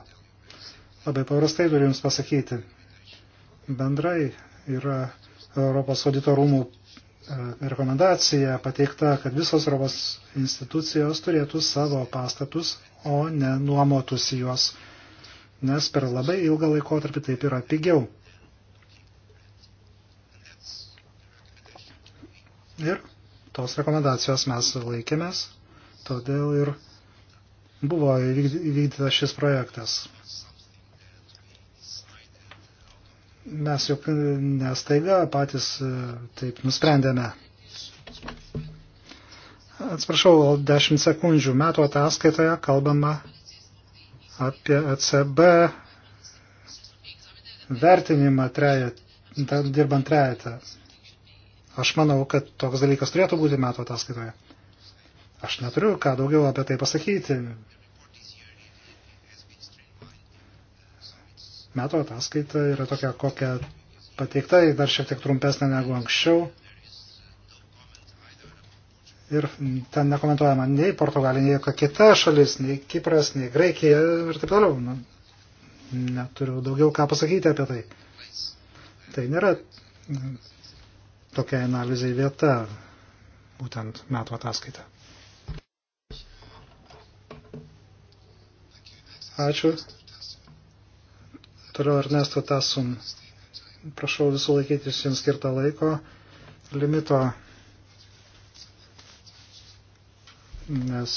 labai paprastai turiu Jums pasakyti. Bendrai yra Europos audito rūmų E, rekomendacija pateikta, kad visos Europos institucijos turėtų savo pastatus, o ne nuomotus juos, nes per labai ilgą laikotarpį taip yra pigiau. Ir tos rekomendacijos mes laikėmės, todėl ir buvo įvykdytas šis projektas mes juk nestaiga patys e, taip nusprendėme. Atsiprašau, 10 sekundžių metų ataskaitoje kalbama apie ECB vertinimą trejet, dirbant trejetą. Aš manau, kad toks dalykas turėtų būti metų ataskaitoje. Aš neturiu ką daugiau apie tai pasakyti. metų ataskaita yra tokia, kokia pateikta, dar šiek tiek trumpesnė negu anksčiau. Ir ten nekomentuojama nei Portugalija, nei jokia kita šalis, nei Kipras, nei Graikija ir taip toliau. Nu, neturiu daugiau ką pasakyti apie tai. Tai nėra tokia analizai vieta, būtent metų ataskaita. Ačiū. Toliau Ernesto Tasum. Prašau visų laikytis jums skirtą laiko limito, nes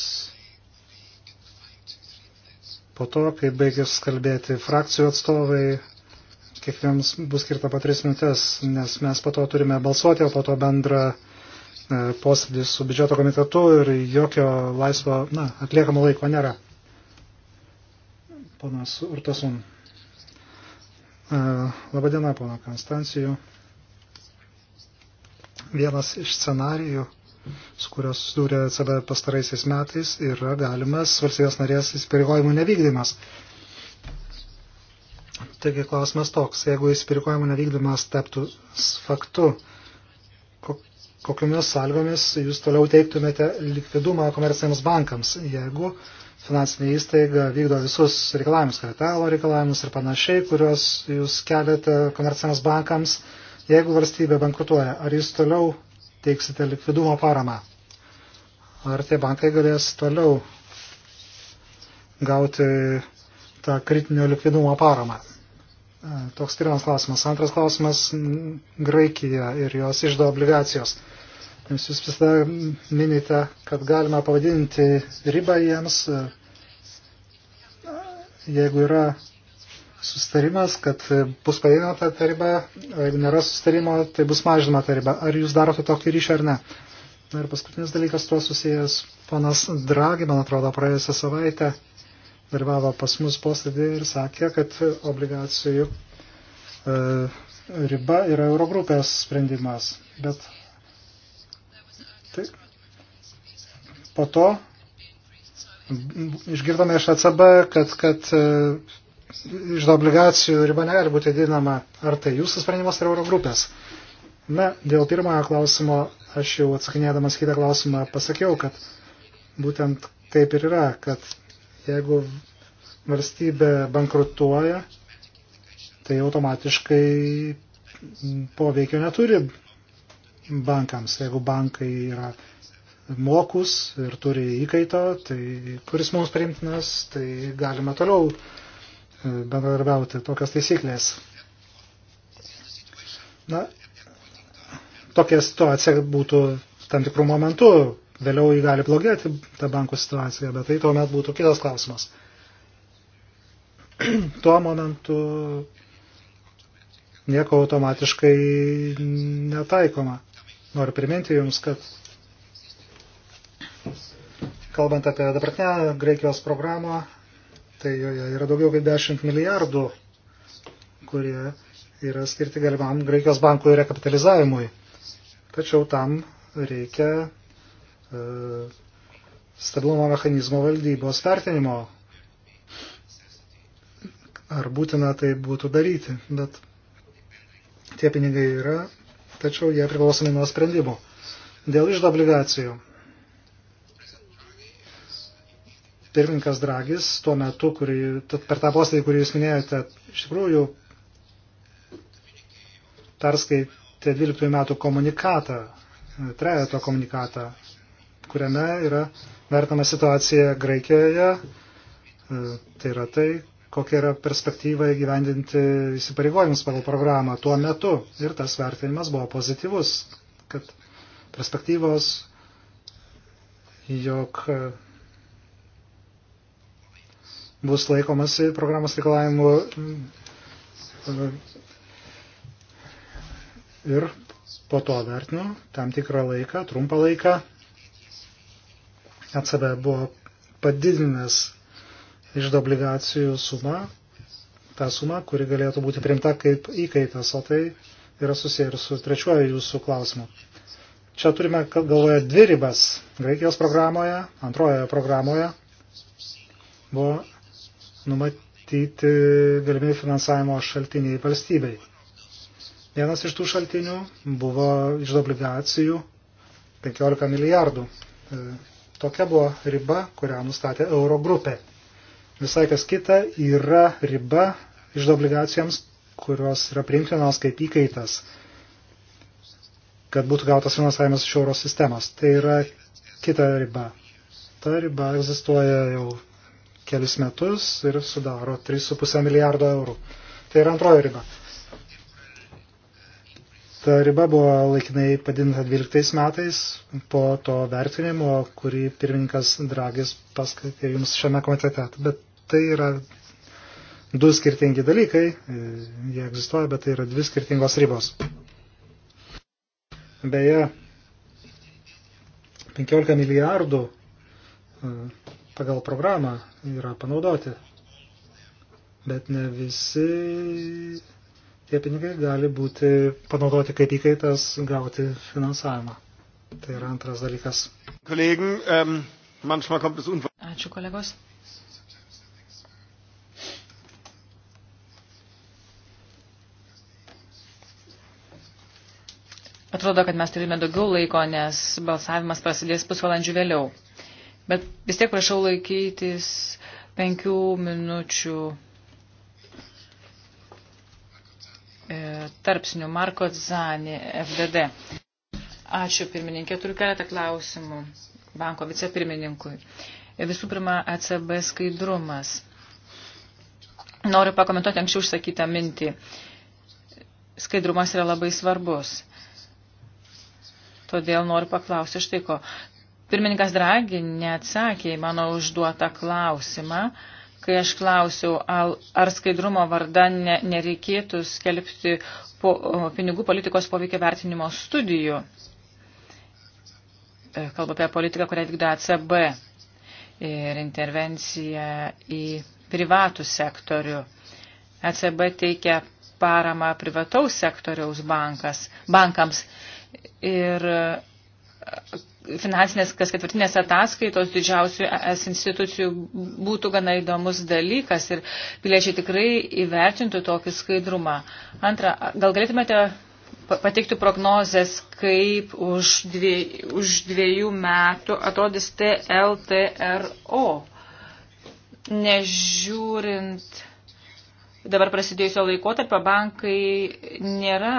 po to, kai baigės kalbėti frakcijų atstovai, kiekvienams bus skirta po tris minutės, nes mes po to turime balsuoti, o po to bendrą e, posėdį su biudžeto komitetu ir jokio laisvo, na, atliekamo laiko nėra. Ponas Urtasun. E, Labadiena, pana Konstancijų. Vienas iš scenarijų, su kurios susidūrė CB pastaraisiais metais, yra galimas valstybės narės įsipareigojimų nevykdymas. Taigi klausimas toks, jeigu įsipareigojimų nevykdymas taptų faktu, kokiomis sąlygomis jūs toliau teiktumėte likvidumą komerciniams bankams, jeigu finansinė įstaiga vykdo visus reikalavimus, kapitalo reikalavimus ir panašiai, kuriuos jūs keliate komerciniams bankams, jeigu valstybė bankrutuoja, ar jūs toliau teiksite likvidumo paramą? Ar tie bankai galės toliau gauti tą kritinio likvidumo paramą? Toks pirmas klausimas. Antras klausimas - Graikija ir jos išdo obligacijos. Jums jūs visada minite, kad galima pavadinti ribą jiems, jeigu yra sustarimas, kad bus padidinta ta riba, jeigu nėra sustarimo, tai bus mažinama ta riba. Ar jūs darote tokį ryšį ar ne? Na ir paskutinis dalykas tuo susijęs, ponas Dragi, man atrodo, praėjusią savaitę dalyvavo pas mus posėdį ir sakė, kad obligacijų e, riba yra Eurogrupės sprendimas. Bet tai, po to išgirdome iš ACB, kad, kad e, iš obligacijų riba negali būti didinama. Ar tai jūsų sprendimas ar Eurogrupės? Na, dėl pirmojo klausimo aš jau atsakinėdamas kitą klausimą pasakiau, kad būtent taip ir yra, kad Jeigu valstybė bankrutuoja, tai automatiškai poveikio neturi bankams. Jeigu bankai yra mokus ir turi įkaitą, tai kuris mums priimtinas, tai galime toliau e, bendradarbiauti tokias taisyklės. Na, tokia situacija būtų tam tikrų momentų Vėliau jį gali blogėti ta bankų situacija, bet tai tuomet būtų kitas klausimas. Tuo momentu nieko automatiškai netaikoma. Noriu priminti Jums, kad kalbant apie dabartinę Graikijos programą, tai joje yra daugiau kaip 10 milijardų, kurie yra skirti galimam Graikijos bankų rekapitalizavimui. Tačiau tam reikia E, stabilumo mechanizmo valdybos vertinimo. Ar būtina tai būtų daryti, bet tie pinigai yra, tačiau jie priklausomi nuo sprendimų. Dėl išdo obligacijų. Pirmininkas Dragis tuo metu, kurį, per tą posėdį, kurį jūs minėjote, iš tikrųjų perskaitė 12 metų komunikatą, trejato komunikatą, kuriame yra vertama situacija Graikijoje. E, tai yra tai, kokia yra perspektyva įgyvendinti įsipareigojimus pagal programą tuo metu. Ir tas vertinimas buvo pozityvus, kad perspektyvos, jog e, bus laikomasi programos reikalavimų e, ir po to vertinu tam tikrą laiką, trumpą laiką ECB buvo padidinęs išdo obligacijų sumą, tą sumą, kuri galėtų būti priimta kaip įkaitas, o tai yra susiję ir su trečiuoju jūsų klausimu. Čia turime galvoje dvi ribas. Graikijos programoje, antrojoje programoje buvo numatyti galimi finansavimo šaltiniai valstybei. Vienas iš tų šaltinių buvo iš obligacijų 15 milijardų e, Tokia buvo riba, kurią nustatė euro grupė. Visai kas kita yra riba iš obligacijoms, kurios yra priimtinos kaip įkaitas, kad būtų gautas finansavimas iš euro sistemos. Tai yra kita riba. Ta riba egzistuoja jau kelis metus ir sudaro 3,5 milijardo eurų. Tai yra antroji riba. Ta riba buvo laikinai padinta 12 metais po to vertinimo, kurį pirmininkas Dragis paskaitė jums šiame komitete. Bet tai yra du skirtingi dalykai, e, jie egzistuoja, bet tai yra dvi skirtingos ribos. Beje, 15 milijardų e, pagal programą yra panaudoti, bet ne visi tie pinigai gali būti panaudoti kaip įkaitas gauti finansavimą. Tai yra antras dalykas. Kolegin, um, ähm, Ačiū kolegos. Atrodo, kad mes turime daugiau laiko, nes balsavimas prasidės pusvalandžių vėliau. Bet vis tiek prašau laikytis penkių minučių E, tarpsnių Marko Zani, FDD. Ačiū pirmininkė, turiu keletą klausimų banko vicepirmininkui. Visų pirma, ECB skaidrumas. Noriu pakomentuoti anksčiau užsakytą mintį. Skaidrumas yra labai svarbus. Todėl noriu paklausti štai ko. Pirmininkas Dragi neatsakė į mano užduotą klausimą kai aš klausiau, ar skaidrumo vardan ne, nereikėtų skelbti po, pinigų politikos poveikio vertinimo studijų. E, Kalba apie politiką, kurią vykdo ACB ir intervenciją į privatų sektorių. ECB teikia paramą privataus sektoriaus bankas, bankams ir finansinės kas ketvirtinės ataskaitos didžiausių ES institucijų būtų gana įdomus dalykas ir piliečiai tikrai įvertintų tokį skaidrumą. Antra, gal galėtumėte pateikti prognozes, kaip už, dvie, už dviejų metų atrodys TLTRO, nežiūrint dabar prasidėjusio laikotarpio bankai nėra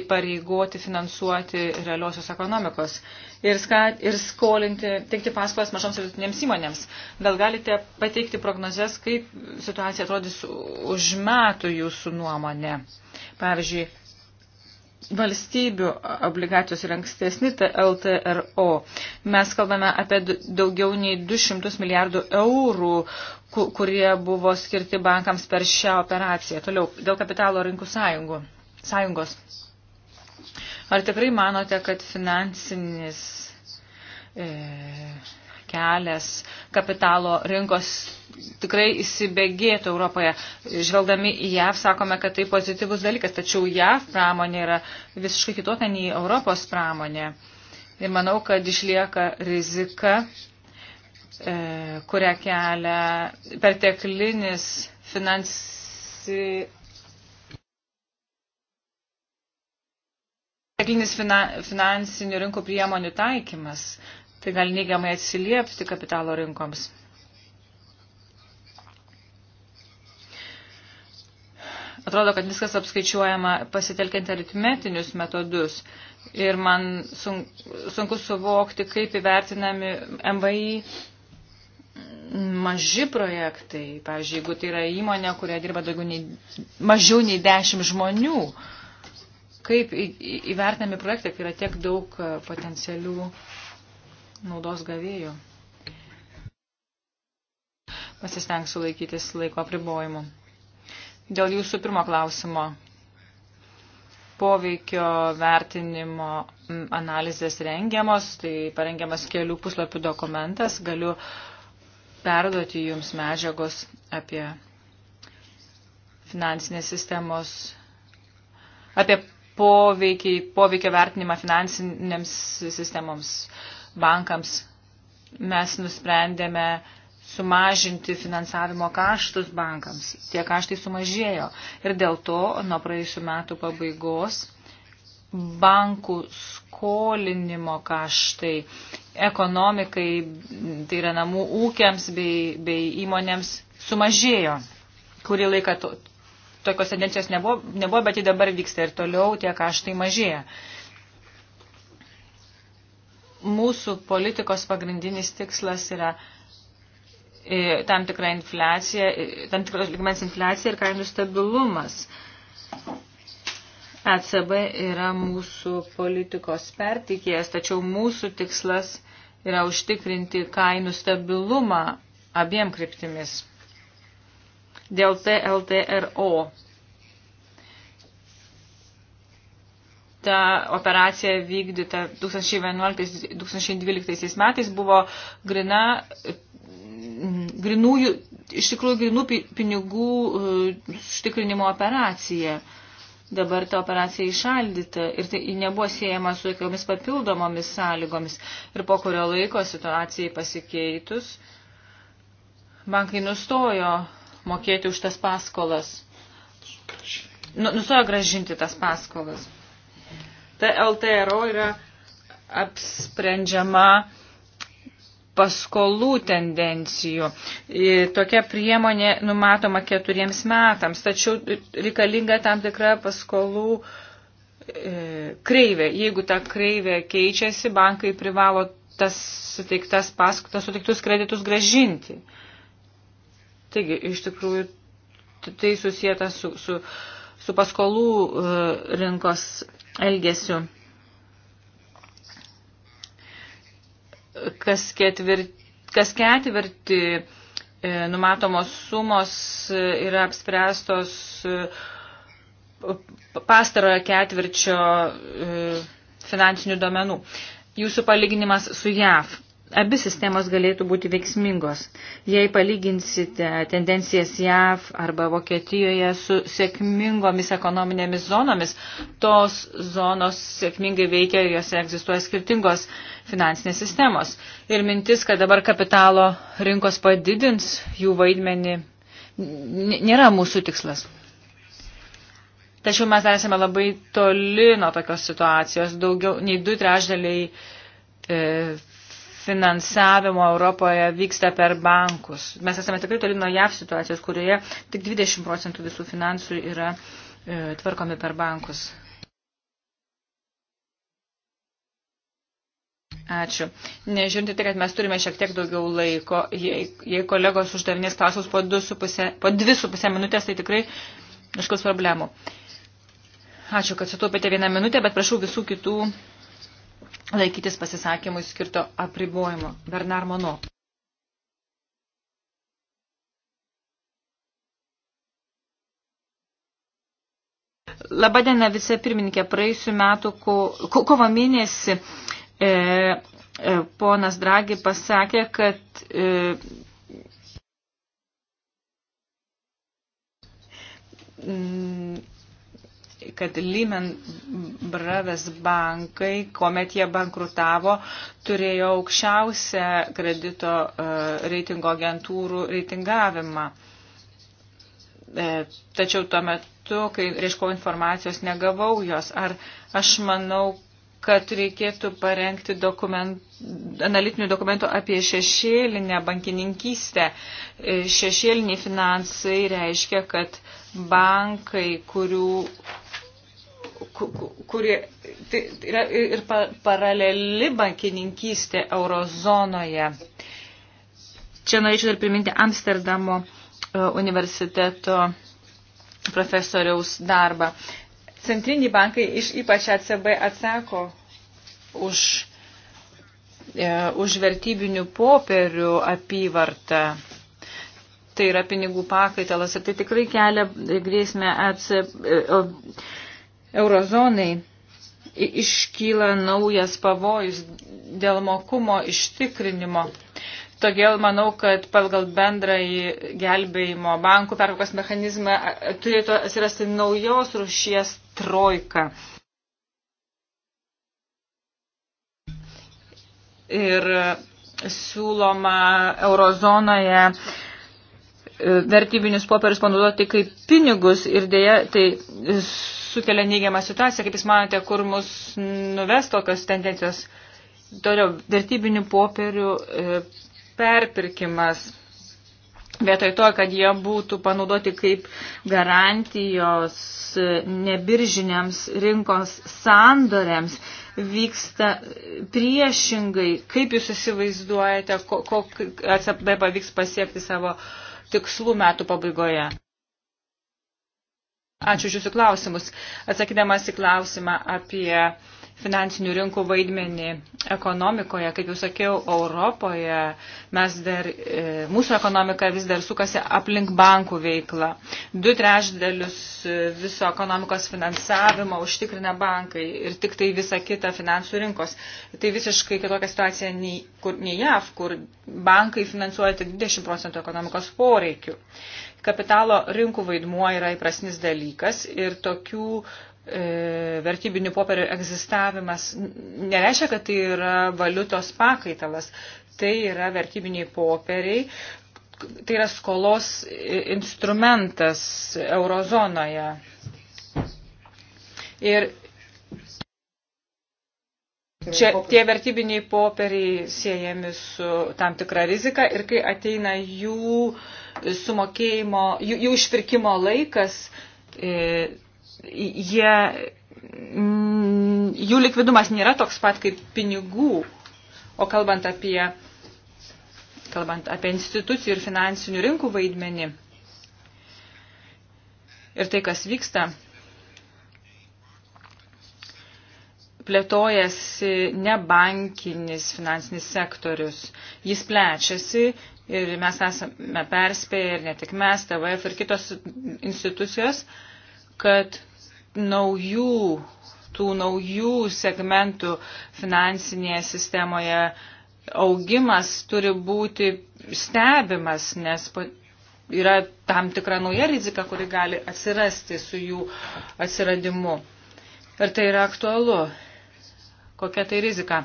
įpareigoti finansuoti realiosios ekonomikos ir, skat, ir skolinti, teikti paskolas mažoms ir vidutinėms įmonėms. Gal galite pateikti prognozes, kaip situacija atrodys už metų jūsų nuomonė? Pavyzdžiui, valstybių obligacijos yra ankstesni, tai LTRO. Mes kalbame apie daugiau nei 200 milijardų eurų, kurie buvo skirti bankams per šią operaciją. Toliau, dėl kapitalo rinkų sąjungų, sąjungos. Ar tikrai manote, kad finansinis e, kelias kapitalo rinkos tikrai įsibėgėtų Europoje. Žvelgdami į JAV sakome, kad tai pozityvus dalykas, tačiau JAV pramonė yra visiškai kitokia nei Europos pramonė. Ir manau, kad išlieka rizika, e, kurią kelia perteklinis finansi, Teklinis finansinių rinkų priemonių taikymas. Tai gali neigiamai atsiliepti kapitalo rinkoms. Atrodo, kad viskas apskaičiuojama pasitelkiant aritmetinius metodus ir man sun, sunku suvokti, kaip įvertinami MVI maži projektai. Pavyzdžiui, jeigu tai yra įmonė, kurioje dirba daugiau nei, mažiau nei dešimt žmonių, uh, kaip įvertinami projektai, kai yra tiek daug e, potencialių naudos gavėjų. Pasistengsiu laikytis laiko apribojimų. Dėl jūsų pirmo klausimo poveikio vertinimo analizės rengiamos, tai parengiamas kelių puslapių dokumentas, galiu perduoti jums medžiagos apie finansinės sistemos, apie poveikį, poveikio vertinimą finansinėms sistemoms, bankams. Mes nusprendėme sumažinti finansavimo kaštus bankams. Tie kaštai sumažėjo. Ir dėl to nuo praėjusių metų pabaigos bankų skolinimo kaštai ekonomikai, tai yra namų ūkiams bei, bei įmonėms sumažėjo. Kurį laiką to, tokios tendencijos nebuvo, nebuvo, bet ji dabar vyksta ir toliau tie kaštai mažėja. Mūsų politikos pagrindinis tikslas yra e, tam tikra infliacija, e, tam tikros ligmens infliacija ir kainų stabilumas. ECB yra mūsų politikos pertikėjas, tačiau mūsų tikslas yra užtikrinti kainų stabilumą abiem kryptimis dėl TLTRO. Ta operacija vykdyta 2011-2012 metais buvo grina, grinųjų, iš tikrųjų grinų pinigų e, užtikrinimo operacija dabar ta operacija išaldyta ir tai nebuvo siejama su jokiomis papildomomis sąlygomis. Ir po kurio laiko situacijai pasikeitus, bankai nustojo mokėti už tas paskolas. Nu, nustojo gražinti tas paskolas. Ta LTRO yra apsprendžiama paskolų tendencijų. Tokia priemonė numatoma keturiems metams, tačiau reikalinga tam tikra paskolų e, kreivė. Jeigu ta kreivė keičiasi, bankai privalo tas suteiktas paskolas, suteiktus kreditus gražinti. Mhm. Taigi, iš tikrųjų, tai susijęta su, su, su paskolų e, rinkos elgesiu. Kas ketvirti, kas ketvirti e, numatomos sumos e, yra apspręstos pastarojo ketvirčio finansinių domenų. Jūsų palyginimas su JAV abi sistemos galėtų būti veiksmingos. Jei palyginsite tendencijas JAV arba Vokietijoje su sėkmingomis ekonominėmis zonomis, tos zonos sėkmingai veikia ir jose egzistuoja skirtingos finansinės sistemos. Ir mintis, kad dabar kapitalo rinkos padidins jų vaidmenį, nėra mūsų tikslas. Tačiau mes esame labai toli nuo tokios situacijos, daugiau nei du trešdaliai e, finansavimo Europoje vyksta per bankus. Mes esame tikrai toli nuo JAV situacijos, kurioje tik 20 procentų visų finansų yra e, tvarkomi per bankus. Ačiū. Nežiūrinti tai, kad mes turime šiek tiek daugiau laiko, jei, jei kolegos uždavinės klausimus po 2,5 minutės, tai tikrai iškils problemų. Ačiū, kad sutaupėte vieną minutę, bet prašau visų kitų laikytis pasisakymui skirto apribojimo. Bernard Mono. Labadiena visi pirmininkė, praėjusiu metu ko, ko, kovo mėnesį e, e, ponas Dragi pasakė, kad e, mm, kad Lehman Brothers bankai, kuomet jie bankrutavo, turėjo aukščiausią kredito e, reitingo agentūrų reitingavimą. E, tačiau tuo metu, kai reiškau informacijos, negavau jos. Ar aš manau, kad reikėtų parengti dokument, analitinių dokumentų apie šešėlinę bankininkystę. E, šešėliniai finansai reiškia, kad bankai, kurių kurie tai yra ir pa, paraleli bankininkystė eurozonoje. Čia norėčiau dar priminti Amsterdamo e, universiteto profesoriaus darbą. Centriniai bankai, iš, ypač ACB, atsako už, e, už vertybinių popierių apyvartą tai yra pinigų pakaitalas ir tai tikrai kelia grėsmę ECB, eurozonai iškyla naujas pavojus dėl mokumo ištikrinimo. Todėl manau, kad pagal bendrąjį gelbėjimo bankų pervokos mechanizmą turėtų atsirasti naujos rušies trojka. Ir e, siūloma eurozonoje e, vertybinius popierius panaudoti kaip pinigus ir dėja tai sukelia neigiamą situaciją, kaip jūs manote, kur mus nuves tokios tendencijos. Toliau, vertybinių popierių e, perpirkimas. Vietoj to, kad jie būtų panaudoti kaip garantijos e, nebiržiniams rinkos sandoriams, vyksta priešingai. Kaip jūs įsivaizduojate, ko, ko ECB pavyks pasiekti savo tikslų metų pabaigoje? Ačiū už Jūsų klausimus. Atsakydamas į klausimą apie finansinių rinkų vaidmenį ekonomikoje, kaip jau sakiau, Europoje mes dar, e, mūsų ekonomika vis dar sukasi aplink bankų veiklą. Du trešdalius e, viso ekonomikos finansavimo užtikrina bankai ir tik tai visa kita finansų rinkos. Tai visiškai kitokia situacija nei, kur, nei JAV, kur bankai finansuoja tik 20 procentų ekonomikos poreikių kapitalo rinkų vaidmuo yra įprasnis dalykas ir tokių e, vertybinių popierių egzistavimas nereiškia, kad tai yra valiutos pakaitalas. Tai yra vertybiniai popieriai, tai yra skolos e, instrumentas eurozonoje. Ir Čia tie vertybiniai popieriai siejami su tam tikra rizika ir kai ateina jų uh, sumokėjimo, jų, jų išpirkimo laikas, e, jie, mm, jų likvidumas nėra toks pat kaip pinigų. O kalbant apie, kalbant apie institucijų ir finansinių rinkų vaidmenį ir tai, kas vyksta, plėtojasi nebankinis finansinis sektorius. Jis plečiasi ir mes esame perspėję ir ne tik mes, TVF ir kitos institucijos, kad naujų, tų naujų segmentų finansinėje sistemoje augimas turi būti stebimas, nes yra tam tikra nauja rizika, kuri gali atsirasti su jų atsiradimu. Ir tai yra aktualu. Kokia tai rizika?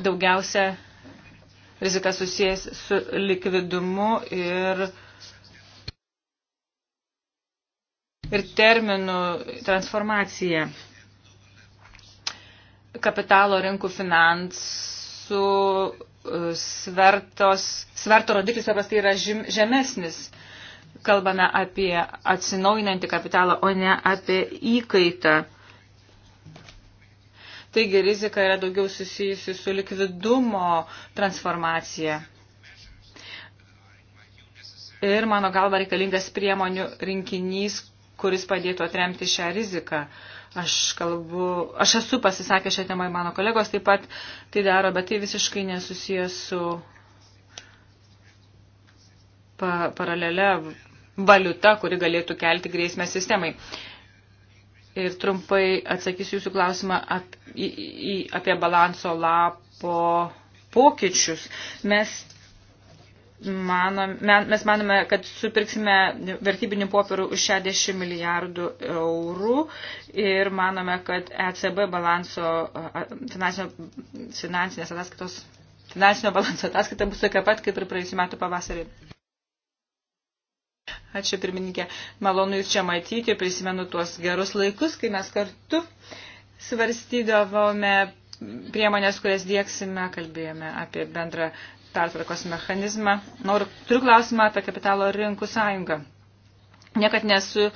Daugiausia rizika susijęs su likvidumu ir, ir terminų transformacija. Kapitalo rinkų finansų e, svertos, sverto rodiklis paprastai yra žim, žemesnis kalbame apie atsinaujinantį kapitalą, o ne apie įkaitą. Taigi rizika yra daugiau susijusi su likvidumo transformacija. Ir mano galva reikalingas priemonių rinkinys, kuris padėtų atremti šią riziką. Aš kalbu, aš esu pasisakęs šią temą ir mano kolegos taip pat tai daro, bet tai visiškai nesusijęs su pa, paralelė valiuta, kuri galėtų kelti grėsmę sistemai. Uh, ir trumpai atsakysiu jūsų klausimą ap, į, į, apie balanso lapo pokyčius. Mes, manom, mes manome, kad supirksime vertybinių popierų už 60 milijardų eurų ir manome, kad ECB balanso finansinio, finansinės ataskaitos. Finansinio balanso ataskaita bus tokia pat kaip ir praėjusiu metu pavasarį. Ačiū pirmininkė. Malonu Jūs čia matyti. Prisimenu tuos gerus laikus, kai mes kartu svarstydavome priemonės, kurias dėksime, kalbėjome apie bendrą pertvarkos mechanizmą. Noriu, turiu klausimą apie kapitalo rinkų sąjungą. Niekad nesu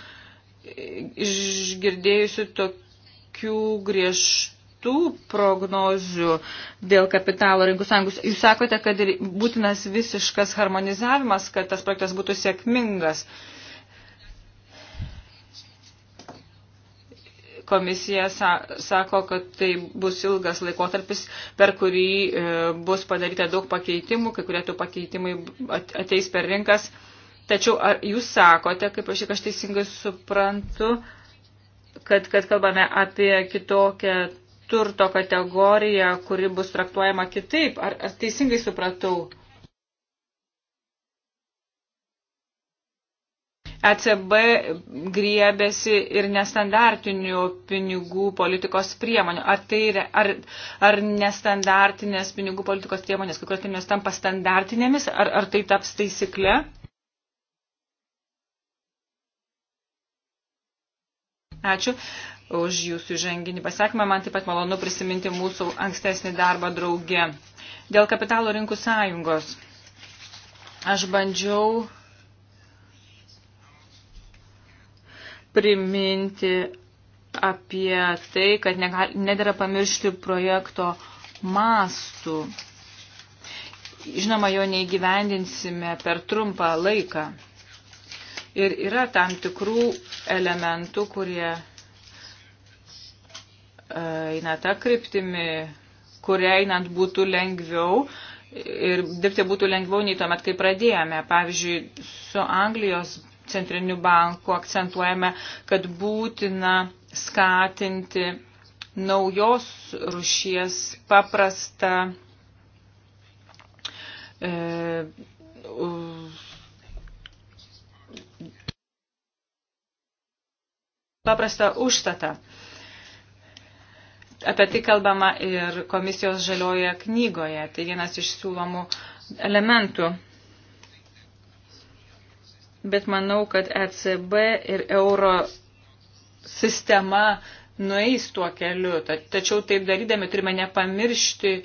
išgirdėjusi tokių griežtų kitų prognozių dėl kapitalo rinkų sąjungos. Jūs sakote, kad būtinas visiškas harmonizavimas, kad tas projektas būtų sėkmingas. Komisija sako, kad tai bus ilgas laikotarpis, per kurį e, bus padaryta daug pakeitimų, kai kurie tų pakeitimai ateis per rinkas. Tačiau ar jūs sakote, kaip aš aš teisingai suprantu, kad, kad kalbame apie kitokią turto kategoriją, kuri bus traktuojama kitaip. Ar, ar teisingai supratau? ECB griebėsi ir nestandartinių pinigų politikos priemonių. Ar, tai, ar, ar nestandartinės pinigų politikos priemonės, kai kurios priemonės tampa standartinėmis, ar, ar tai taps taisykle? Ačiū už jūsų ženginį pasakymą. Man taip pat malonu prisiminti mūsų ankstesnį darbą drauge. Dėl kapitalo rinkų sąjungos aš bandžiau priminti apie tai, kad nedėra pamiršti projekto mastų. Žinoma, jo neįgyvendinsime per trumpą laiką. Ir yra tam tikrų elementų, kurie eina ta kryptimi, kuria einant būtų lengviau ir dirbti būtų lengviau nei tuomet, kai pradėjome. Pavyzdžiui, su Anglijos centriniu banku akcentuojame, kad būtina skatinti naujos rušies paprastą e, paprastą užstatą. E, apie tai kalbama ir komisijos žaliojoje knygoje. Tai vienas iš siūlomų elementų. Bet manau, kad ECB ir euro sistema nueis tuo keliu. Tačiau taip darydami turime nepamiršti e,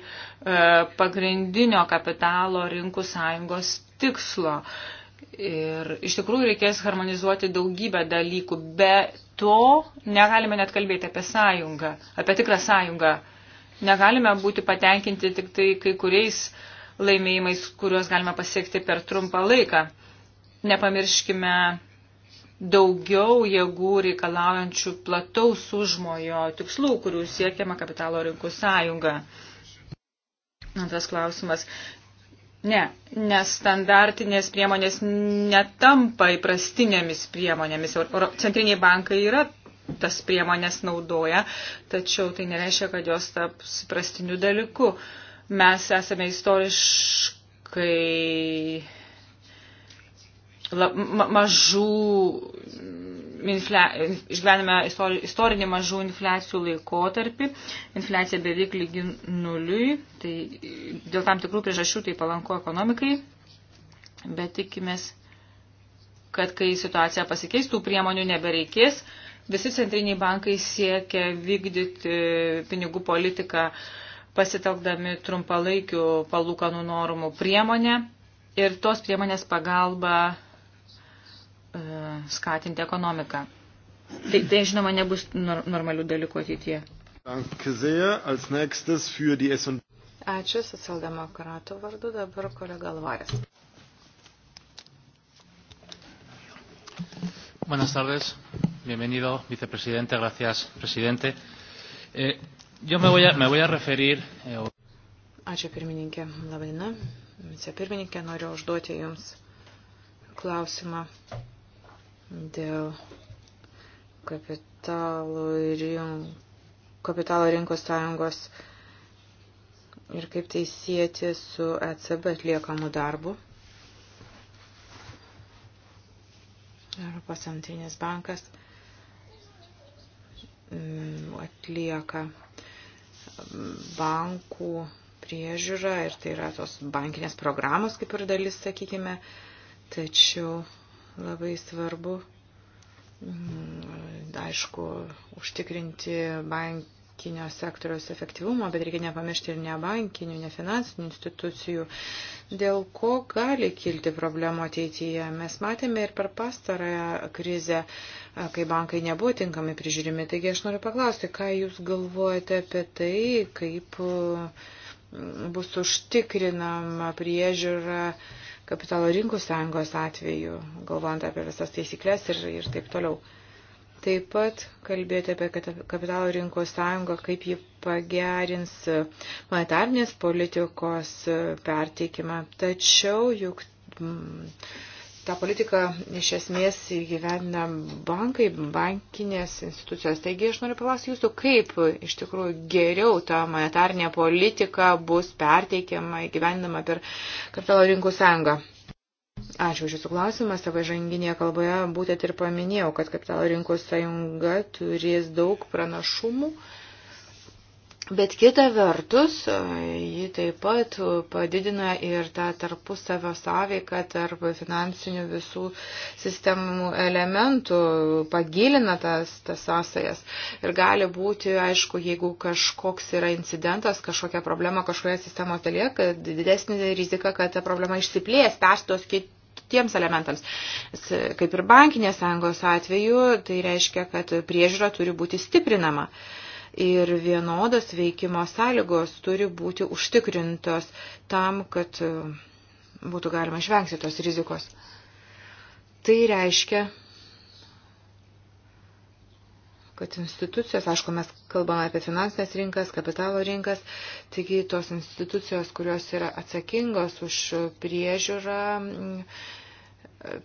pagrindinio kapitalo rinkų sąjungos tikslo. Ir iš tikrųjų reikės harmonizuoti daugybę dalykų. Be to negalime net kalbėti apie sąjungą, apie tikrą sąjungą. Negalime būti patenkinti tik tai kai kuriais laimėjimais, kuriuos galime pasiekti per trumpą laiką. Nepamirškime daugiau jėgų reikalaujančių plataus užmojo tikslų, kurių siekiama kapitalo rinkų sąjunga. Antras klausimas. Ne, nes standartinės priemonės netampa įprastinėmis priemonėmis. Centriniai bankai yra tas priemonės naudoja, tačiau tai nereiškia, kad jos taps įprastiniu dalyku. Mes esame istoriškai la, ma, mažų, infle, išgyvename istori, istorinį mažų infliacijų laikotarpį, infliacija beveik lygi nuliui, tai dėl tam tikrų priežasčių tai palanko ekonomikai, bet tikimės, kad kai situacija pasikeis, tų priemonių nebereikės. Visi centriniai bankai siekia vykdyti pinigų politiką pasitelkdami trumpalaikių palūkanų normų priemonę ir tos priemonės pagalba E, skatinti ekonomiką. Tai, tai žinoma, nebus nor normalių dalykų ateityje. Ačiū socialdemokratų vardu, dabar kolega Alvarės. Buenas tardes, bienvenido, vicepresidente, gracias, presidente. Eh, yo me voy a, me voy a referir. Eh, Ačiū pirmininkė, labadiena. Vicepirmininkė, noriu užduoti Jums klausimą dėl kapitalo, rink, kapitalo rinkos sąjungos ir kaip tai sieti su ECB atliekamu darbu. Europos centrinis bankas mm, atlieka mm, bankų priežiūrą ir tai yra tos bankinės programos kaip ir dalis, sakykime, tačiau labai svarbu, mm, aišku, užtikrinti bankinio sektoriaus efektyvumą, bet reikia nepamiršti ir nebankinių, nefinansinių institucijų, dėl ko gali kilti problemų ateityje. Mes matėme ir per pastarąją krizę, kai bankai nebuvo tinkami prižiūrimi. Taigi aš noriu paklausti, ką Jūs galvojate apie tai, kaip mm, bus užtikrinama priežiūra kapitalo rinkų sąjungos atveju, galvojant apie visas taisyklės ir, ir taip toliau. Taip pat kalbėti apie kapitalo rinkos sąjungą, kaip ji pagerins monetarnės politikos perteikimą. Tačiau juk tą politiką iš esmės įgyvendina bankai, bankinės institucijos. Taigi aš noriu paklausti jūsų, kaip iš tikrųjų geriau ta monetarnė politika bus perteikiama, įgyvendinama per kapitalo rinkų sąjungą. Ačiū už Jūsų klausimą. Savo žanginėje kalboje būtent ir paminėjau, kad kapitalo rinkos sąjunga turės daug pranašumų. Uh, Bet kita vertus, ji taip pat padidina ir tą tarpusavio sąveiką tarp finansinių visų sistemų elementų, pagilina tas, tas sąsajas. Ir gali būti, aišku, jeigu kažkoks yra incidentas, kažkokia problema kažkurioje sistemoje dalyje, kad didesnė rizika, kad ta problema išsiplės, perstos kitų tiems elementams. Kaip ir bankinės sąjungos atveju, tai reiškia, kad priežiūra turi būti stiprinama. Uh, ir vienodos veikimo sąlygos turi būti užtikrintos tam, kad e, būtų galima išvengti tos rizikos. Tai reiškia, kad institucijos, aišku, mes kalbame apie finansinės rinkas, kapitalo rinkas, taigi tos institucijos, kurios yra atsakingos už priežiūrą e,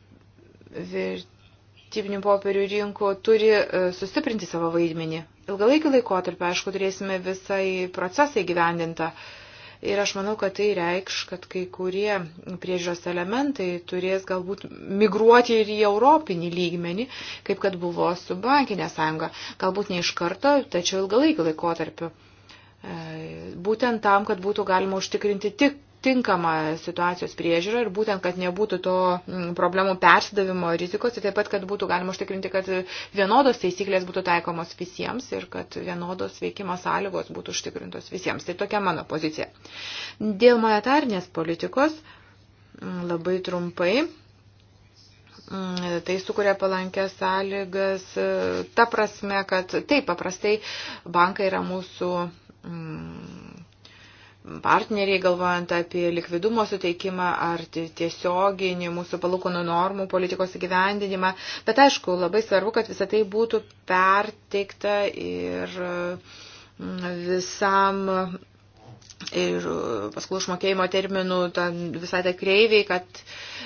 vertybinių popierių rinkų, turi e, sustiprinti savo vaidmenį ilgalaikį laikotarpį, aišku, turėsime visai procesą įgyvendintą. Ir aš manau, kad tai reikš, kad kai kurie priežiūros elementai turės galbūt migruoti ir į europinį lygmenį, kaip kad buvo su bankinė sąjunga. Galbūt ne iš karto, tačiau ilgalaikį laikotarpį. E, būtent tam, kad būtų galima užtikrinti tik tinkama situacijos priežiūra ir būtent, kad nebūtų to mm, problemų persidavimo rizikos ir tai taip pat, kad būtų galima užtikrinti, kad vienodos teisyklės būtų taikomos visiems ir kad vienodos veikimo sąlygos būtų užtikrintos visiems. Tai tokia mano pozicija. Dėl monetarnės politikos mm, labai trumpai mm, tai sukuria palankias sąlygas. Ta prasme, kad taip paprastai bankai yra mūsų partneriai, galvojant apie likvidumo suteikimą ar tiesioginį mūsų palūkonų normų politikos įgyvendinimą. Bet aišku, labai svarbu, kad visa tai būtų perteikta ir mm, visam ir uh, paskolų išmokėjimo terminų visai tai kreiviai, kad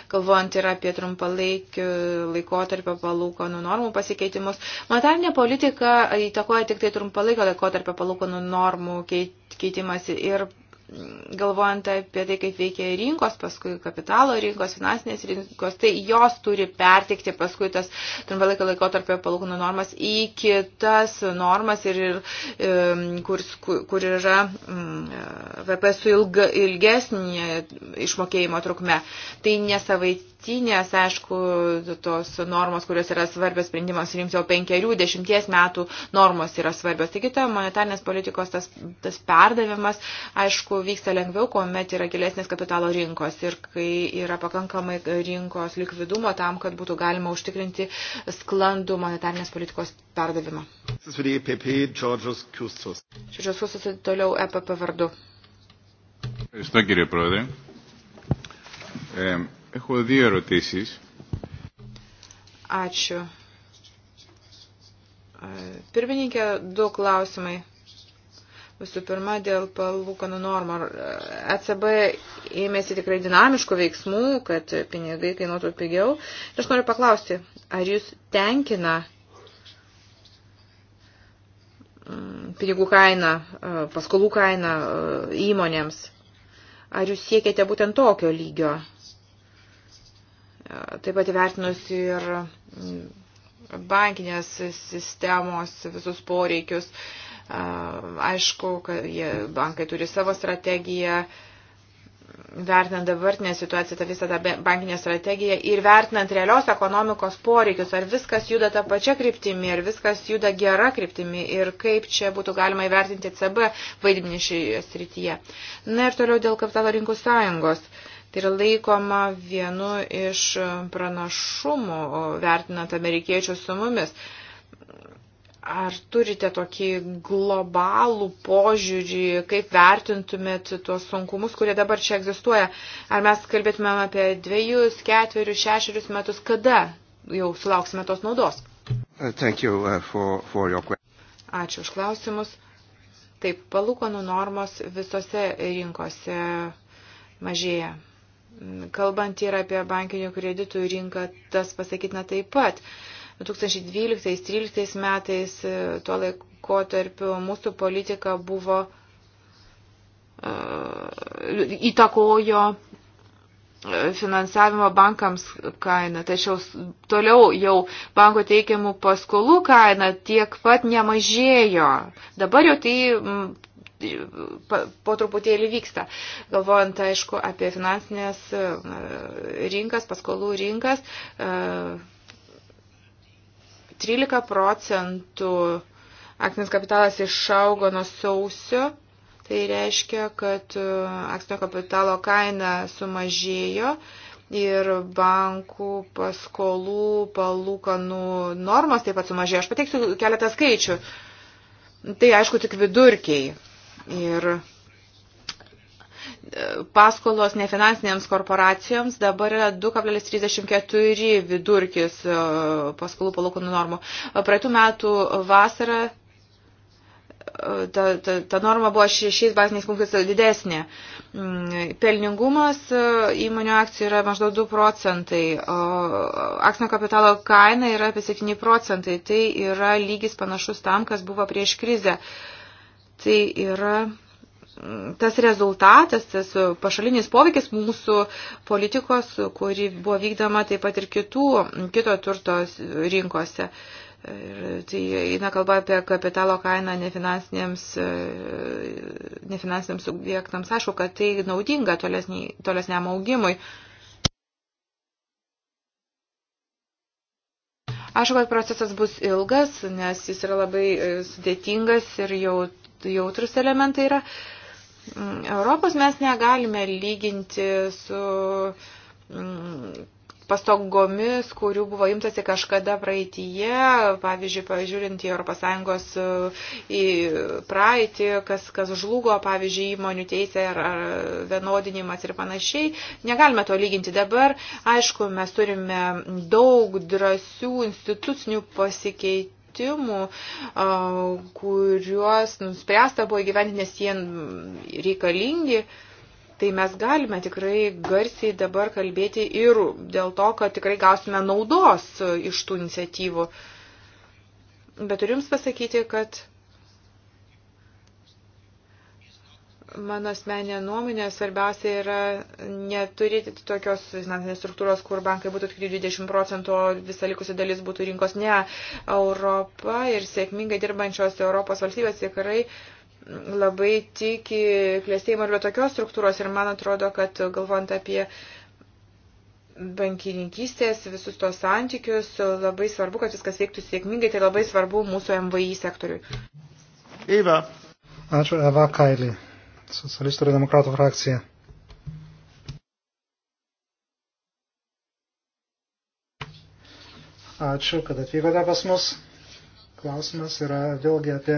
kalbant ir apie trumpalaikių laikotarpio palūkanų normų pasikeitimus. Monetarinė politika įtakoja tik tai trumpalaikio laikotarpio palūkanų normų keitimasi ir galvojant apie tai, kaip veikia rinkos, paskui kapitalo rinkos, finansinės rinkos, tai jos turi pertikti paskui tas trumpalaikio laikotarpio palūkanų normas į kitas normas ir, ir kur, kur yra mm, VP su ilga, ilgesnė išmokėjimo trukme. Tai nesavait dabartinės, aišku, tos normos, kurios yra svarbios sprendimams rinkti, jau penkerių, dešimties metų normos yra svarbios. Taigi, ta monetarnės politikos tas, tas perdavimas, aišku, vyksta lengviau, kuomet yra gilesnės kapitalo rinkos ir kai yra pakankamai rinkos likvidumo tam, kad būtų galima užtikrinti sklandų monetarnės politikos perdavimą. E Georgios Kustos. Georgios Kustos toliau EPP vardu. Ευχαριστώ κύριε Πρόεδρε. Ε, Έχω δύο ερωτήσεις. Ačiū. Pirmininkė, du klausimai. Visų pirma, dėl palūkanų normų. ECB e ėmėsi tikrai dinamiškų veiksmų, kad pinigai kainuotų pigiau. Ir aš noriu paklausti, ar jūs tenkina mm, pinigų kaina, e, paskolų kaina e, įmonėms? Ar jūs siekiate būtent tokio lygio? taip pat įvertinus ir mm, bankinės sistemos visus poreikius. Aišku, kad jie, bankai turi savo strategiją, vertinant dabartinę situaciją, tą visą tą bankinę strategiją ir vertinant realios ekonomikos poreikius, ar viskas juda tą pačią kryptimį, ar viskas juda gera kryptimį ir kaip čia būtų galima įvertinti CB vaidmenį šioje srityje. Na ir toliau dėl kapitalo rinkų sąjungos. Uh, Tai yra laikoma vienu iš pranašumų, vertinant amerikiečius su mumis. Ar turite tokį globalų požiūrį, kaip vertintumėt tuos sunkumus, kurie dabar čia egzistuoja? Ar mes kalbėtumėm apie dviejus, ketverius, šešerius metus, kada jau sulauksime tos naudos? Uh, uh, for, for your... Ačiū už klausimus. Taip, palūkanų normos visose rinkose mažėja. Kalbant ir apie bankinių kreditų rinką, tas pasakytina taip pat. 2012-2013 metais e, tuo laikotarpiu mūsų politika buvo uh, įtakojo e, finansavimo bankams kaina, tačiau toliau jau banko teikiamų paskolų kaina tiek pat nemažėjo. Dabar jau tai po truputėlį vyksta. Galvojant, aišku, apie finansinės e, rinkas, paskolų rinkas, 13 e, procentų akcinis kapitalas išaugo nuo sausio. Tai reiškia, kad e, akcinio kapitalo kaina sumažėjo ir bankų paskolų palūkanų normos taip pat sumažėjo. Aš pateiksiu keletą skaičių. Tai aišku tik vidurkiai. Ir e, paskolos nefinansinėms korporacijoms dabar yra 2,34 vidurkis e, paskolų palūkanų normų. E, praeitų metų vasarą ta, ta, ta norma buvo šešiais baziniais punktais didesnė. Mm, pelningumas įmonių akcijų yra maždaug 2 procentai, akcinio kapitalo kaina yra apie 7 procentai. Tai yra lygis panašus tam, kas buvo prieš krizę. Uh, tai yra mm, tas rezultatas, tas pašalinis poveikis mūsų politikos, kuri buvo vykdoma taip pat ir kitų, kito turto rinkose. Ir tai eina kalba apie kapitalo kainą nefinansiniams, nefinansiniams subjektams. Aišku, kad tai naudinga tolesni, tolesniam augimui. Aišku, kad procesas bus ilgas, nes jis yra labai sudėtingas ir jau jautrus elementai yra. Mm, Europos mes negalime lyginti su mm, pastogomis, kurių buvo imtasi kažkada praeitie, pavyzdžiui, pažiūrint į ES e, į praeitį, kas, kas žlugo, pavyzdžiui, įmonių teisė ar, ar vienodinimas ir panašiai. Negalime to lyginti dabar. Aišku, mes turime daug drąsių institucinių pasikeitimų pakeitimų, kuriuos nuspręsta buvo gyventi, nes jie reikalingi. Tai mes galime tikrai garsiai dabar kalbėti ir dėl to, kad tikrai gausime naudos iš tų iniciatyvų. Bet turiu Jums pasakyti, kad Mano asmeninė nuomonė svarbiausia yra neturėti tokios finansinės struktūros, kur bankai būtų tik 20 procentų, o visa likusi dalis būtų rinkos. Ne, Europa ir sėkmingai dirbančios Europos valstybės tikrai labai tiki klėstėjimo ir tokios struktūros ir man atrodo, kad galvojant apie bankininkystės, visus tos santykius, labai svarbu, kad viskas veiktų sėkmingai, tai labai svarbu mūsų MVI sektoriui. Eva. Ačiū, Eva Kailį socialistų ir demokratų frakcija. Ačiū, kad atvykote pas mus. Klausimas yra vėlgi apie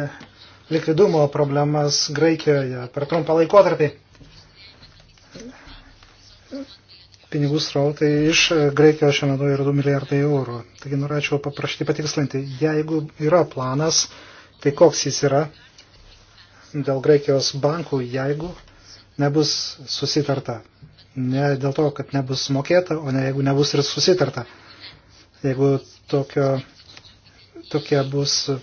likvidumo problemas Graikijoje per trumpą laikotarpį. Pinigų srautai iš Graikijos šiuo metu yra 2 milijardai eurų. Taigi norėčiau paprašyti patikslinti, jeigu yra planas, tai koks jis yra dėl Graikijos bankų, jeigu nebus susitarta. Ne dėl to, kad nebus mokėta, o ne jeigu nebus ir susitarta. Jeigu tokio, tokie bus e,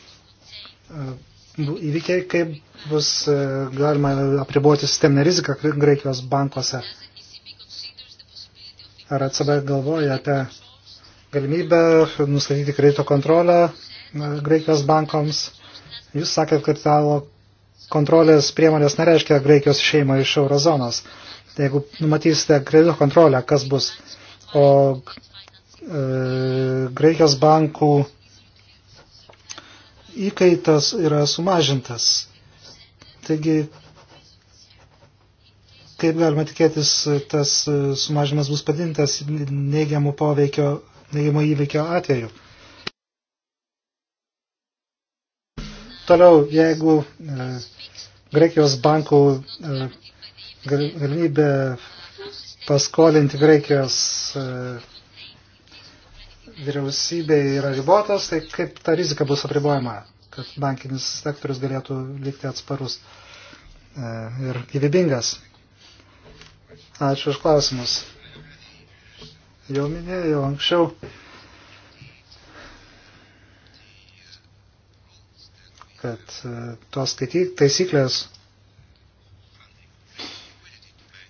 įvykiai, kaip bus e, galima apriboti sisteminę riziką Graikijos bankuose. Ar ECB galvoja apie galimybę nustatyti kredito kontrolę e, Graikijos bankoms? Jūs sakėt, kad kapitalo kontrolės priemonės nereiškia Graikijos šeimą iš eurozonos. Tai jeigu numatysite kredito kontrolę, kas bus, o e, Graikijos bankų įkaitas yra sumažintas. Taigi, kaip galima tikėtis, tas sumažimas bus padintas neigiamų poveikio, neigiamų įveikio atveju. Toliau, jeigu e, Graikijos bankų e, galimybė paskolinti Graikijos e, vyriausybei yra ribotas, tai kaip ta rizika bus apribojama, kad bankinis sektorius galėtų likti atsparus ir gyvybingas. Ačiū už klausimus. Jau minėjau anksčiau. kad e, tos taisyklės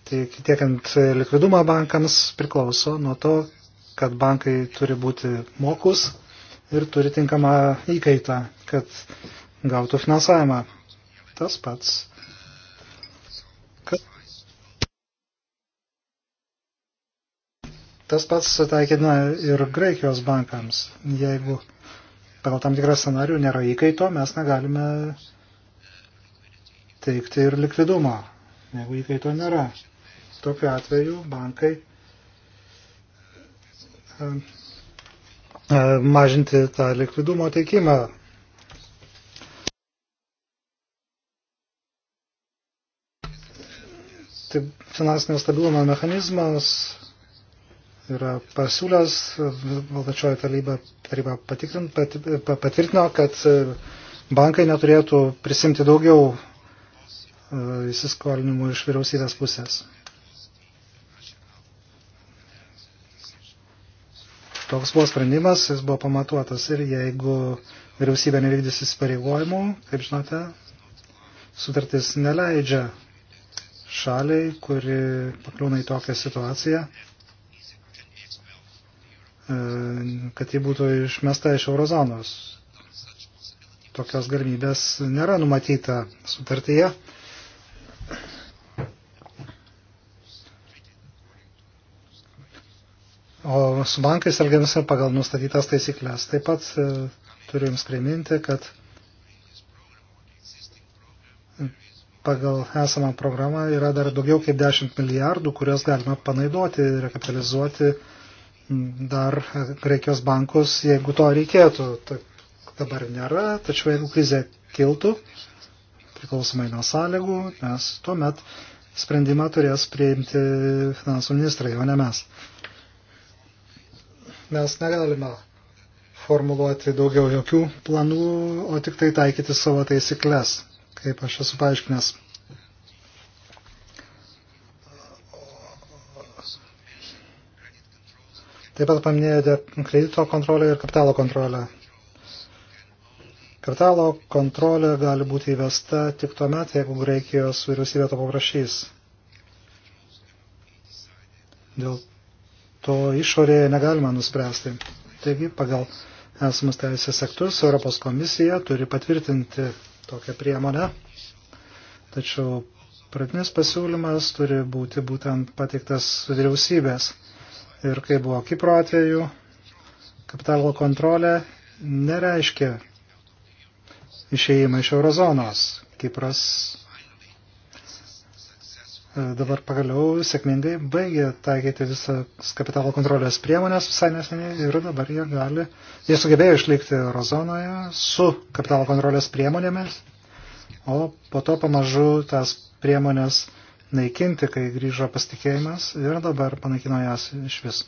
tiekiant likvidumą bankams priklauso nuo to, kad bankai turi būti mokus ir turi tinkamą įkaitą, kad gautų finansavimą. Tas pats. Kad... Tas pats sutaikytina ir Graikijos bankams. Jeigu pagal tam tikrą scenarių nėra įkaito, mes negalime teikti ir likvidumo, jeigu įkaito nėra. Tokiu atveju bankai e, e, mažinti tą likvidumo teikimą. Tai finansinio stabilumo mechanizmas yra pasiūlęs, valdačioji taryba, taryba patikrint, pat, patvirtino, kad e, bankai neturėtų prisimti daugiau e, įsiskolinimų iš vyriausybės pusės. Toks buvo sprendimas, jis buvo pamatuotas ir jeigu vyriausybė nevykdys įsipareigojimų, kaip žinote, sutartis neleidžia šaliai, kuri pakliūna į tokią situaciją, E, kad ji būtų išmesta iš eurozonos. Tokios galimybės nėra numatyta sutartyje. O su bankais elgiamasi pagal nustatytas taisyklės. Taip pat e, turiu Jums priminti, kad pagal esamą programą yra dar daugiau kaip 10 milijardų, kurias galima panaudoti ir rekapitalizuoti dar Graikijos bankus, jeigu to reikėtų. Ta, dabar nėra, tačiau jeigu krizė kiltų, priklausomai nuo sąlygų, mes tuomet sprendimą turės priimti finansų ministrai, o ne mes. Mes negalime formuluoti daugiau jokių planų, o tik tai taikyti savo taisyklės, kaip aš esu paaiškinęs. Taip pat paminėjote kredito kontrolę ir kapitalo kontrolę. Kapitalo kontrolė gali būti įvesta tik tuo metu, jeigu Graikijos vyriausybė to paprašys. Dėl to išorėje negalima nuspręsti. Taigi, pagal esamus teisės aktus, Europos komisija turi patvirtinti tokią priemonę. Tačiau pradinis pasiūlymas turi būti būtent pateiktas vyriausybės ir kaip buvo Kipro atveju, kapitalo kontrolė nereiškia išėjimą iš eurozonos. Kipras e, dabar pagaliau sėkmingai baigė taikyti visas kapitalo kontrolės priemonės visai neseniai ir dabar jie gali, jie sugebėjo išlikti eurozonoje su kapitalo kontrolės priemonėmis, o po to pamažu tas priemonės naikinti, kai grįžo pasitikėjimas ir dabar panaikino jas iš vis.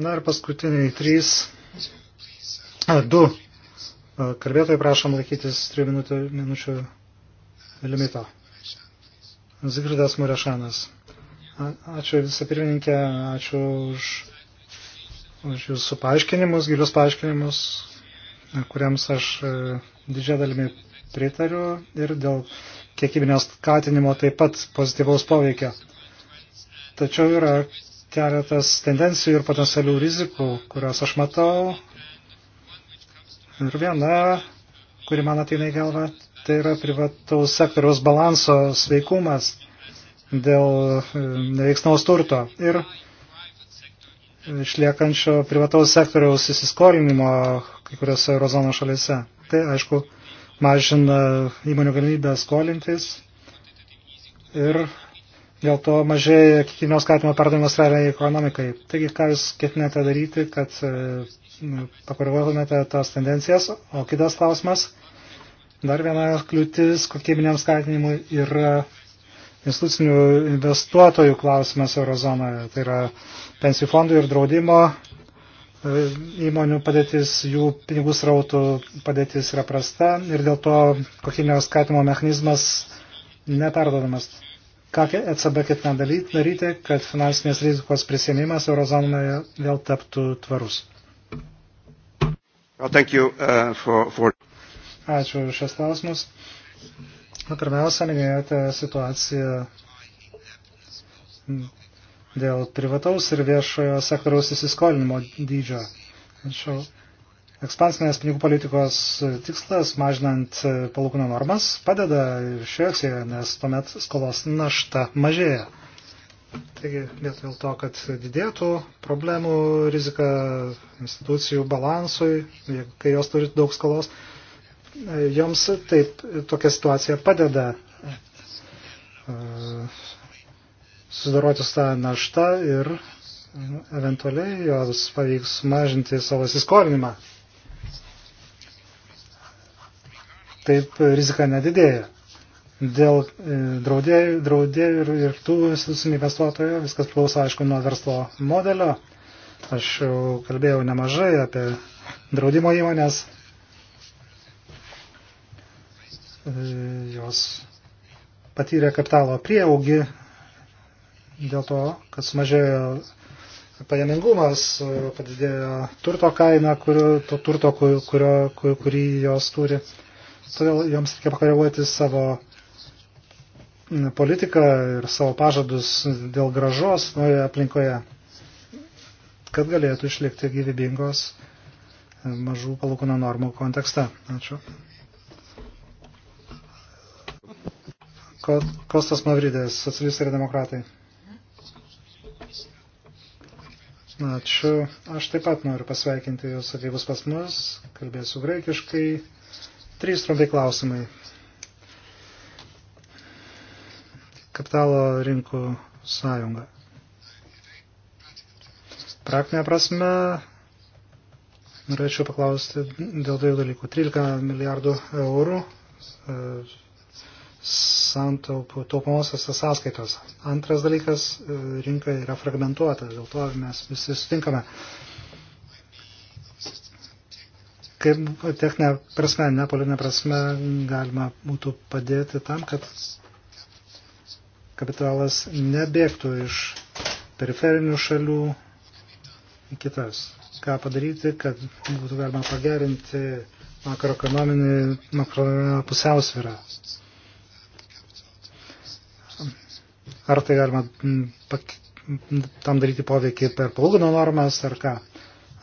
Na ir paskutiniai trys, a, du kalbėtojai prašom laikytis 3 minutų, minučių limito. Zigridas Murešanas. Ačiū visą pirmininkę, ačiū už, už jūsų paaiškinimus, gilius paaiškinimus, kuriems aš didžią dalimi pritariu ir dėl kiekybinio skatinimo taip pat pozityvaus poveikio. Tačiau yra keletas tendencijų ir potencialių rizikų, kurias aš matau. Ir viena, kuri man ateina į galvą, tai yra privataus sektoriaus balanso sveikumas dėl e, neveiksnaus turto ir išliekančio privataus sektoriaus įsiskolinimo kai kuriuose eurozono šalyse. Tai aišku, mažina įmonių galimybę skolintis ir dėl to mažėja kiekvieno skatimo pardavimas realiai ekonomikai. Taigi, ką jūs ketinate daryti, kad e, pakoreguotumėte tas tendencijas? O kitas klausimas, dar viena kliūtis kokybiniam skatinimui yra institucinių investuotojų klausimas eurozonoje. Tai yra pensijų fondų ir draudimo E, įmonių padėtis, jų pinigų srautų padėtis yra prasta ir dėl to kokybinio skatimo mechanizmas neperdodamas. Ką ECB e ketina daryti, kad finansinės rizikos prisėmimas eurozonoje vėl taptų tvarus? Well, thank you, uh, for, for... Ačiū už šias klausimus. Pirmiausia, minėjote situaciją dėl privataus ir viešojo sektoriaus įsiskolinimo dydžio. Tačiau ekspansinės pinigų politikos tikslas, mažinant e, palūkanų normas, padeda šioje sėje, nes tuomet skolos našta mažėja. Taigi, vietoj to, kad didėtų problemų, rizika institucijų balansui, kai jos turi daug skolos, e, joms taip tokia situacija padeda e, sudaroti su tą naštą ir eventualiai jos pavyks mažinti savo įsiskolinimą. Taip rizika nedidėja. Dėl draudėjų, e, draudėjų ir, ir tų institucinių investuotojų viskas priklauso, aišku, nuo verslo modelio. Aš jau kalbėjau nemažai apie draudimo įmonės. E, jos patyrė kapitalo prieaugį dėl to, kad sumažėjo pajamingumas, padidėjo turto kaina, kurio, to turto, kurio, kur, kurį jos turi. Todėl joms reikia pakoreguoti savo mm, politiką ir savo pažadus dėl gražos naujoje aplinkoje, kad galėtų išlikti gyvybingos e, mažų palūkanų normų kontekste. Ačiū. Kostas Mavridės, socialistai ir demokratai. Ačiū. Aš taip pat noriu pasveikinti Jūs atvykus pas mus. Kalbėsiu graikiškai. Trys trumpai klausimai. Kapitalo rinkų sąjunga. Praktinė prasme, norėčiau paklausti dėl dviejų dalykų. 13 milijardų eurų e, santaupų taupomosiose sąskaitose. Antras dalykas, e, rinka yra fragmentuota, dėl to mes visi sutinkame. Kaip techninė prasme, ne politinė prasme, galima būtų padėti tam, kad kapitalas nebėgtų iš periferinių šalių į kitas. Ką padaryti, kad būtų galima pagerinti makroekonominį makro pusiausvyrą. ar tai galima mm, mm, tam daryti poveikį per palūkanų normas ar ką.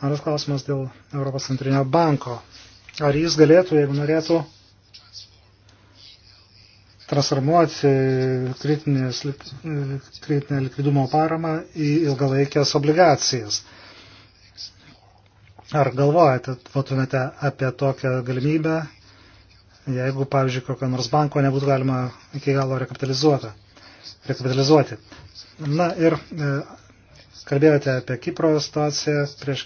Antras klausimas dėl Europos centrinio banko. Ar jis galėtų, jeigu norėtų, transformuoti kritinės, kritinę likvidumo paramą į ilgalaikės obligacijas? Ar galvojate, votumėte apie tokią galimybę, jeigu, pavyzdžiui, kokio nors banko nebūtų galima iki galo rekapitalizuoti? rekapitalizuoti. Na ir e, kalbėjote apie Kipro situaciją prieš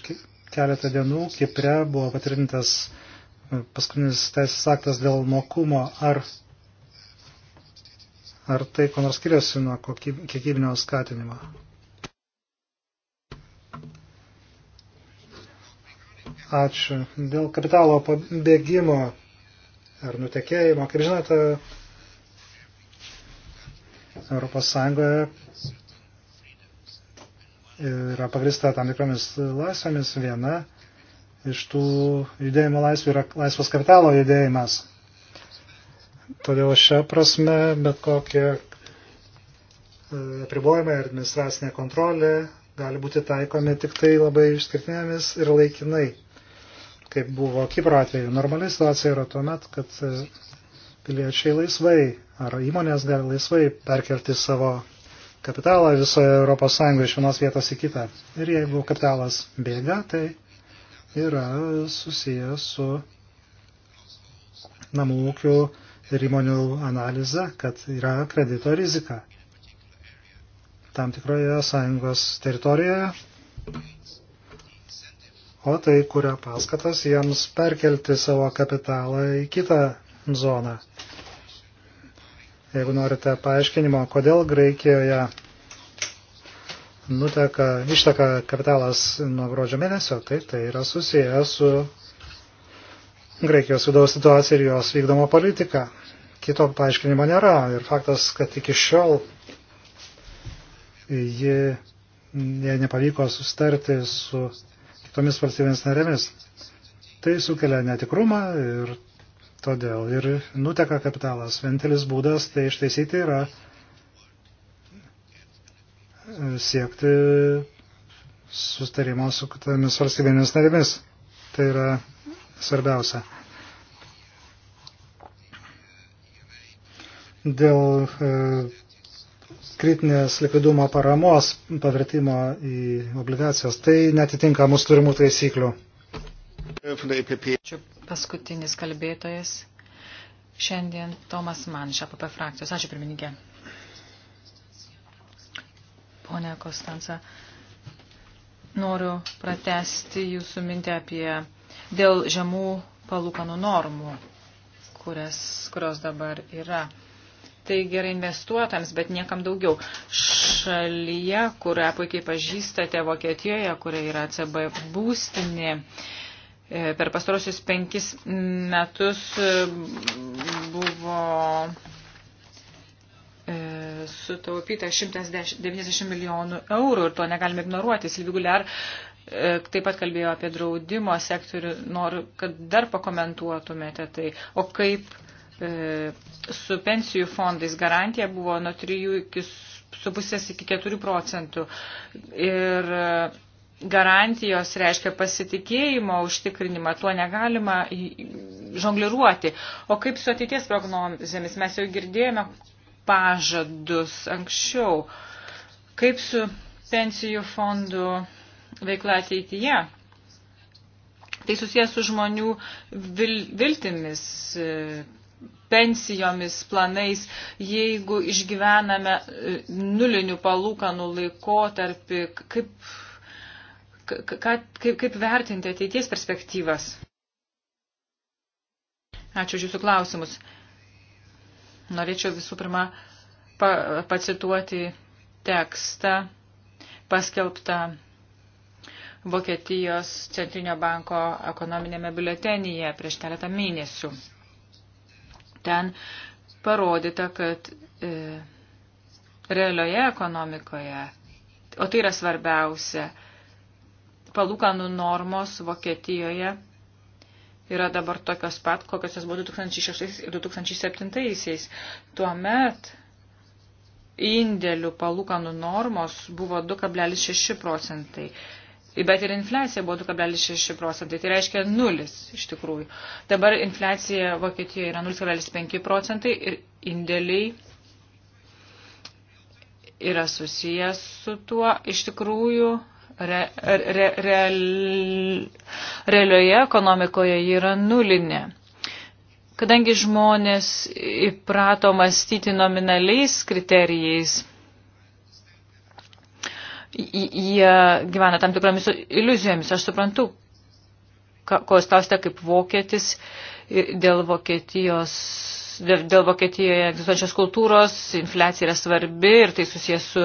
keletą dienų. Kipre buvo patvirtintas e, paskutinis teisės aktas dėl mokumo. Ar, ar tai ko nors skiriasi nuo kiekybinio skatinimo? Ačiū. Dėl kapitalo pabėgimo ar nutekėjimo, kaip žinote, Europos Sąjungoje yra pagrista tam tikromis laisvėmis. Viena iš tų judėjimo laisvių yra laisvas kapitalo judėjimas. Todėl šią prasme bet kokie e, apribojimai ir administracinė kontrolė gali būti taikomi tik tai labai išskirtinėmis ir laikinai, kaip buvo Kipro atveju. Normali situacija yra tuomet, kad e, piliečiai laisvai ar įmonės gali laisvai perkelti savo kapitalą visoje Europos Sąjungoje iš vienos vietos į kitą. Ir jeigu kapitalas bėga, tai yra susijęs su namų ūkių ir įmonių analize, kad yra kredito rizika tam tikroje sąjungos teritorijoje, o tai kuria paskatas jiems perkelti savo kapitalą į kitą zoną jeigu norite paaiškinimo, kodėl Graikijoje nuteka, išteka kapitalas nuo gruodžio mėnesio, tai tai yra susiję su Graikijos vidaus situacija ir jos vykdoma politika. Kito paaiškinimo nėra ir faktas, kad iki šiol ji nepavyko sustarti su kitomis valstybėmis narėmis. Tai sukelia netikrumą ir Todėl ir nuteka kapitalas. Vienintelis būdas tai ištaisyti yra e, siekti sustarimo su kitomis valstybėmis narėmis. Tai yra svarbiausia. Dėl e, kritinės likvidumo paramos pavertimo į obligacijas, tai netitinka mūsų turimų taisyklių. E Čia paskutinis kalbėtojas šiandien Tomas Manša, PP frakcijos. Ačiū, pirmininkė. Pone Konstanca, noriu pratesti jūsų mintį apie dėl žemų palūkanų normų, kurias, kurios dabar yra. Tai gerai investuotams, bet niekam daugiau. Šalyje, kurią puikiai pažįstate, Vokietijoje, kuria yra CB būstinė, E, per pastarosius penkis metus e, buvo e, sutaupyta 190 milijonų eurų ir to negalime ignoruoti. Silviguliar taip pat kalbėjo apie draudimo sektorių, noriu, kad dar pakomentuotumėte tai. O kaip su pensijų fondais garantija buvo nuo 3 iki su pusės iki 4 procentų. Ir garantijos reiškia pasitikėjimo užtikrinimą, tuo negalima žongliruoti. O kaip su ateities prognozėmis? Mes jau girdėjome pažadus anksčiau. Kaip su pensijų fondų veikla ateityje? Tai susijęs su žmonių vil, viltimis, pensijomis, planais, jeigu išgyvename e, nulinių palūkanų laikotarpį, kaip Ka, kaip, kaip vertinti ateities perspektyvas? Ačiū už Jūsų klausimus. Norėčiau visų pirma pa, pacituoti tekstą paskelbtą Vokietijos Centrinio banko ekonominėme biuletenyje prieš keletą mėnesių. Ten parodyta, kad e, realioje ekonomikoje, o tai yra svarbiausia, palūkanų normos Vokietijoje yra dabar tokios pat, kokios jas buvo 2006 ir 2007-aisiais. Tuomet indėlių palūkanų normos buvo 2,6 procentai. Bet ir infliacija buvo 2,6 procentai, tai reiškia nulis iš tikrųjų. Dabar infliacija Vokietijoje yra 0,5 procentai ir indėliai yra susijęs su tuo. Iš tikrųjų, re, re, real, realioje ekonomikoje ji yra nulinė. Kadangi žmonės įprato mąstyti nominaliais kriterijais, jie gyvena tam tikromis iliuzijomis. Aš suprantu, ko jūs klausite kaip vokietis dėl Vokietijos dėl Vokietijoje egzistuojančios kultūros, infliacija yra svarbi ir tai susijęs su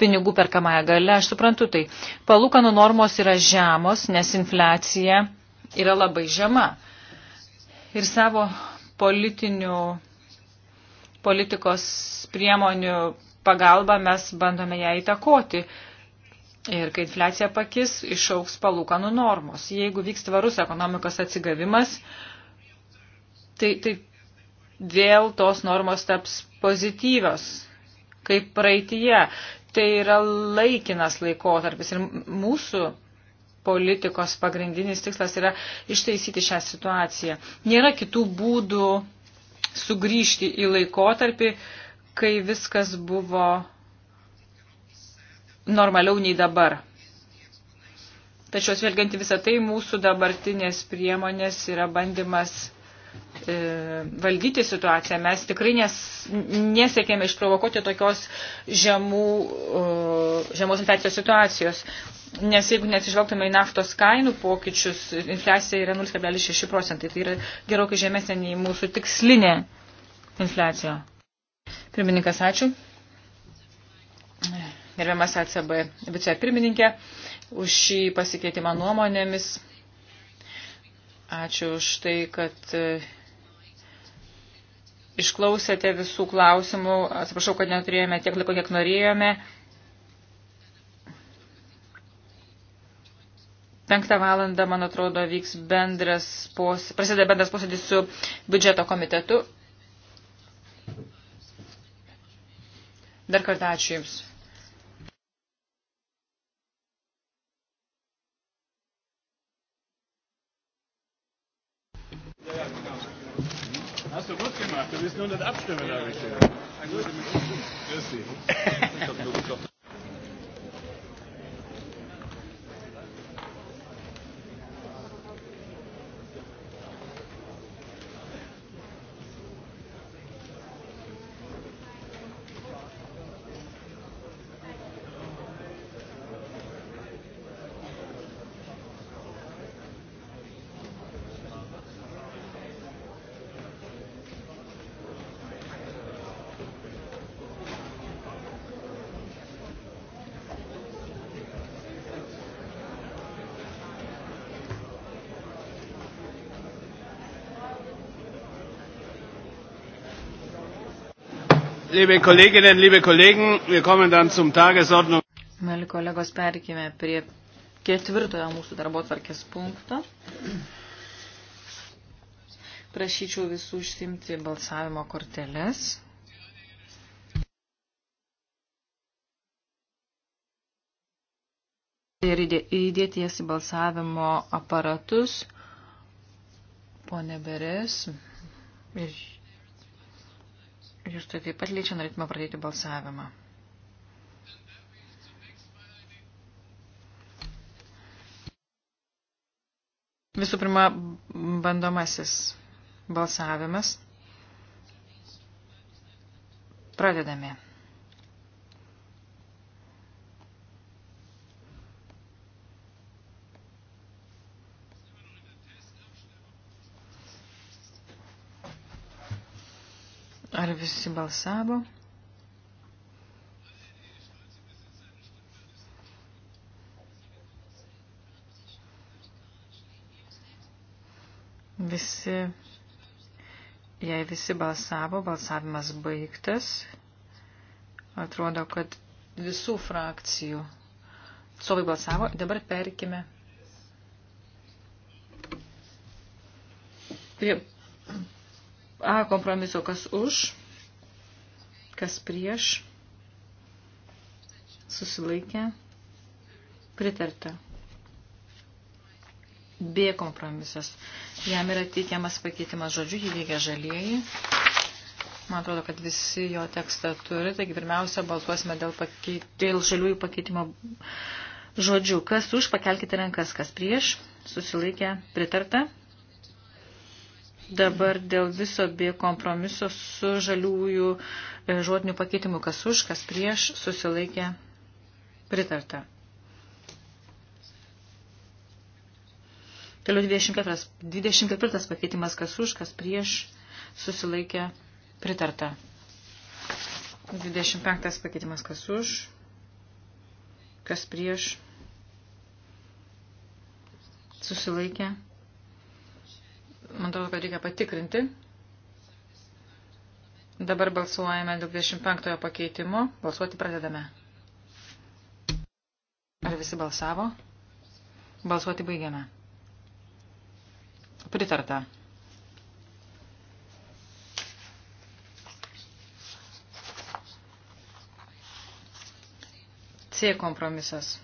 pinigų perkamąją gale. Aš suprantu tai. Palūkanų normos yra žemos, nes infliacija yra labai žema. Ir savo politinių, politikos priemonių pagalba mes bandome ją įtakoti. Ir kai infliacija pakis, išauks palūkanų normos. Jeigu vyks tvarus ekonomikos atsigavimas, tai, tai vėl tos normos taps pozityvios, kaip praeitie. Tai yra laikinas laikotarpis ir mūsų politikos pagrindinis tikslas yra išteisyti šią situaciją. Nėra kitų būdų sugrįžti į laikotarpį, kai viskas buvo normaliau nei dabar. Tačiau, žvelgiant į visą tai, mūsų dabartinės priemonės yra bandymas E, valdyti situaciją. Mes tikrai nes, nesiekėme išprovokuoti tokios žemų, e, žemos infliacijos situacijos. Nes jeigu nesižvelgtume į naftos kainų pokyčius, infliacija yra 0,6 procentai. Tai yra gerokai žemesnė nei mūsų tikslinė infliacija. Pirmininkas, ačiū. Gerbiamas ECB vicepirmininkė už šį pasikeitimą nuomonėmis. Ačiū už tai, kad e, išklausėte visų klausimų. Atsiprašau, kad neturėjome tiek laiko, kiek norėjome. Penktą valandą, man atrodo, vyks bendras posėdis, prasideda bendras posėdis su biudžeto komitetu. Dar kartą ačiū Jums. Ja, ja, genau. Hast du gut gemacht, du bist nur nicht abstimmen, habe ich gehört. Grüß dich. liebe Kolleginnen, liebe Kollegen, wir kommen dann zum Tagesordnung. Mėly kolegos, perkime prie ketvirtojo mūsų darbo tvarkės punkto. Prašyčiau visų išsimti balsavimo korteles. Ir įdėti jas į balsavimo aparatus. Pone Beres ir Ir tai taip pat liečia, norėtume pradėti balsavimą. Visų pirma, bandomasis balsavimas. Pradedame. Ar visi balsavo? Visi, jei visi balsavo, balsavimas baigtas. Atrodo, kad visų frakcijų atstovai balsavo. Dabar perkime prie A kompromiso, kas už, kas prieš, susilaikė, pritarta. B kompromisas. Jam yra teikiamas pakeitimas žodžiu, jį veikia žalieji. Man atrodo, kad visi jo tekstą turi, taigi pirmiausia balsuosime dėl, pakeit, dėl žaliųjų pakeitimo žodžių. Kas už, pakelkite rankas, kas prieš, susilaikė, pritarta. Dabar dėl viso B kompromiso su žaliųjų e, žodinių pakeitimų, kas už, kas prieš, susilaikė pritarta. Toliau 24, 24 pakeitimas, kas už, kas prieš, susilaikė pritarta. 25 pakeitimas, kas už, kas prieš, susilaikė pritarta manau, kad reikia patikrinti. Dabar balsuojame 25 pakeitimo. Balsuoti pradedame. Ar visi balsavo? Balsuoti baigiame. Pritarta. C kompromisas.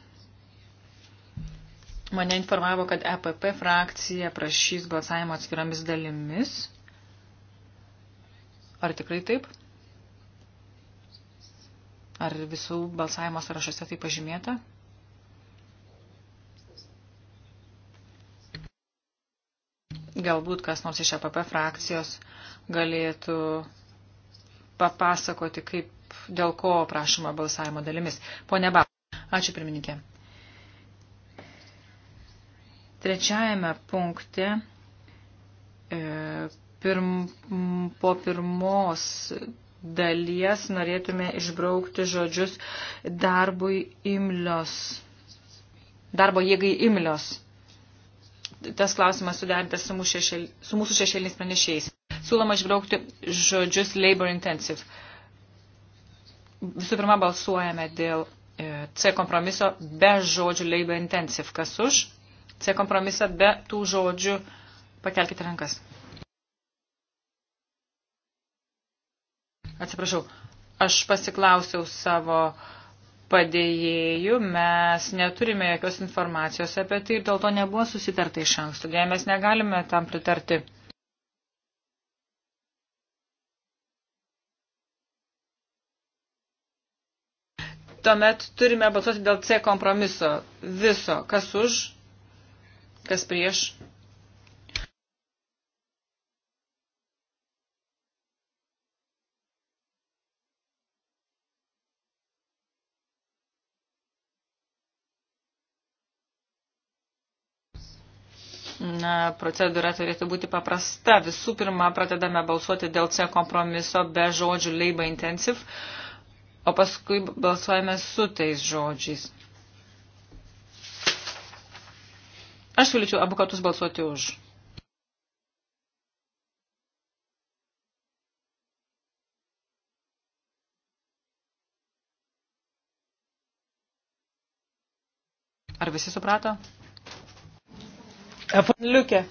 Mane informavo, kad EPP frakcija prašys balsavimo atskiromis dalimis. Ar tikrai taip? Ar visų balsavimo sąrašuose tai pažymėta? Galbūt kas nors iš EPP frakcijos galėtų papasakoti, kaip, dėl ko prašoma balsavimo dalimis. Pone Ba, ačiū pirmininkė. Trečiajame punkte e, pirm, po pirmos dalies norėtume išbraukti žodžius darbui imlios, darbo jėgai imlios. Tas klausimas suderintas su, šešėl, su mūsų šešėliniais pranešiais. Siūloma išbraukti žodžius labor intensive. Visų pirma, balsuojame dėl e, C kompromiso be žodžių labor intensive. Kas už? C kompromisą be tų žodžių. Pakelkite rankas. Atsiprašau, aš pasiklausiau savo padėjėjų, mes neturime jokios informacijos apie tai ir dėl to nebuvo susitarta iš anksto, dėl mes negalime tam pritarti. Tuomet turime balsuoti dėl C kompromiso viso, kas už, Kas prieš? Na, procedūra turėtų būti paprasta. Visų pirma, pradedame balsuoti dėl C kompromiso be žodžių labor intensive, o paskui balsuojame su tais žodžiais. Aš siūlyčiau abu kartus balsuoti už. Ar visi suprato? Liukė.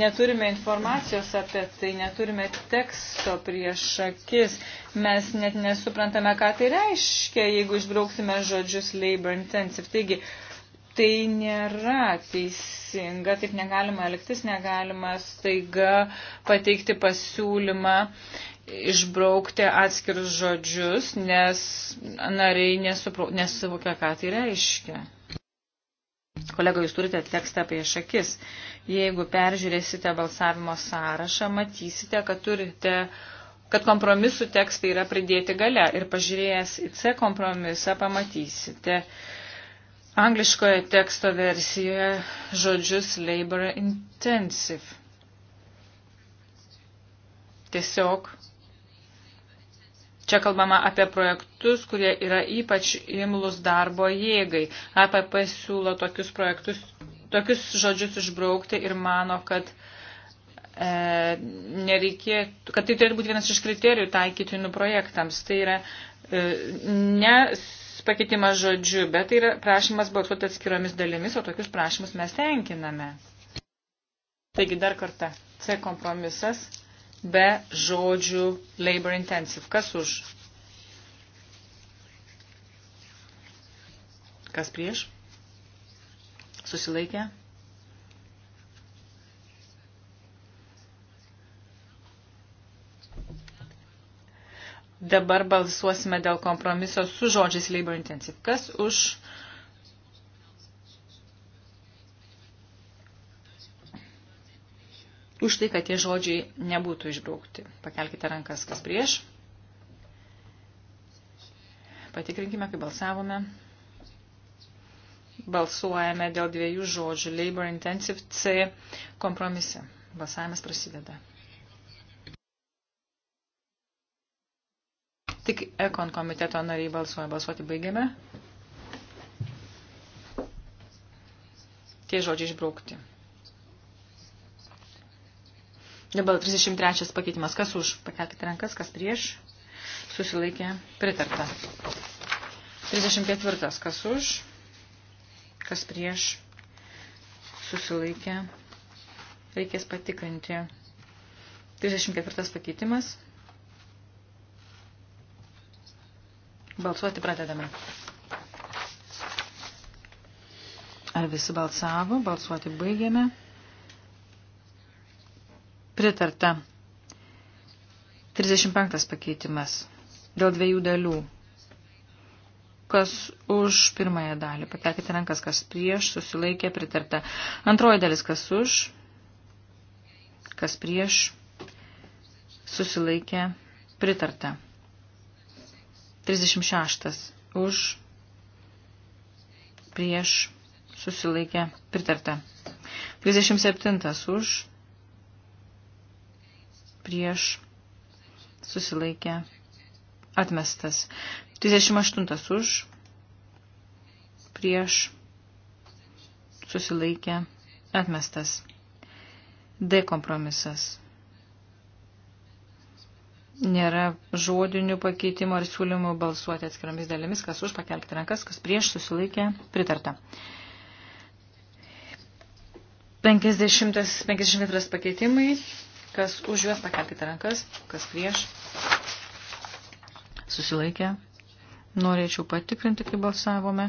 Neturime informacijos apie tai, neturime teksto prieš akis. Mes net nesuprantame, ką tai reiškia, jeigu išbrauksime žodžius labor intensive. Taigi, uh, Tai nėra teisinga, taip negalima elgtis, negalima staiga pateikti pasiūlymą išbraukti atskirus žodžius, nes nariai nesuvokia, ką tai reiškia. Kolego, jūs turite tekstą apie šakis. Jeigu peržiūrėsite balsavimo sąrašą, matysite, kad turite kad kompromisų tekstai yra pridėti gale ir pažiūrėjęs į C kompromisą pamatysite, Angliškoje teksto versijoje žodžius labor intensive. Tiesiog čia kalbama apie projektus, kurie yra ypač imlus darbo jėgai. APP siūlo tokius projektus, tokius žodžius išbraukti ir mano, kad e, nereikėtų, kad tai turėtų būti vienas iš kriterijų taikytinų projektams. Tai yra e, ne pakeitimas žodžiu, bet tai yra prašymas balsuoti atskiromis dalimis, o tokius prašymus mes tenkiname. Taigi dar kartą. C kompromisas be žodžių labor intensive. Kas už? Kas prieš? Susilaikė? Dabar balsuosime dėl kompromiso su žodžiais labor intensive. Kas už už tai, kad tie žodžiai nebūtų išbraukti. Pakelkite rankas, kas prieš. Patikrinkime, kaip balsavome. Balsuojame dėl dviejų žodžių Labor Intensive C kompromise. Balsavimas prasideda. Tik Ekon komiteto nariai balsuoja. Balsuoti baigiame. Tie žodžiai išbraukti. Dabar 33 pakeitimas. Kas už? Pakelkite rankas, kas prieš? Susilaikė. Pritarta. 34. Kas už? Kas prieš? Susilaikė. Reikės patikrinti. 34 pakeitimas. Balsuoti pradedame. Ar visi balsavo? Balsuoti baigėme. Pritarta. 35 pakeitimas. Dėl dviejų dalių. Kas už pirmąją dalį? Pakelkite rankas, kas prieš, susilaikė, pritarta. Antroji dalis, kas už, kas prieš, susilaikė, pritarta. 36. Už, prieš, susilaikė, pritarta. 37. Už, prieš, susilaikė, atmestas. 38. Už, prieš, susilaikė, atmestas. D kompromisas. Nėra žodinių pakeitimų ar siūlymų balsuoti atskiromis dalimis, kas už pakelkite rankas, kas prieš susilaikė, pritarta. 50, 52 pakeitimai, kas už juos pakelkite rankas, kas prieš susilaikė. Norėčiau patikrinti, kaip balsavome.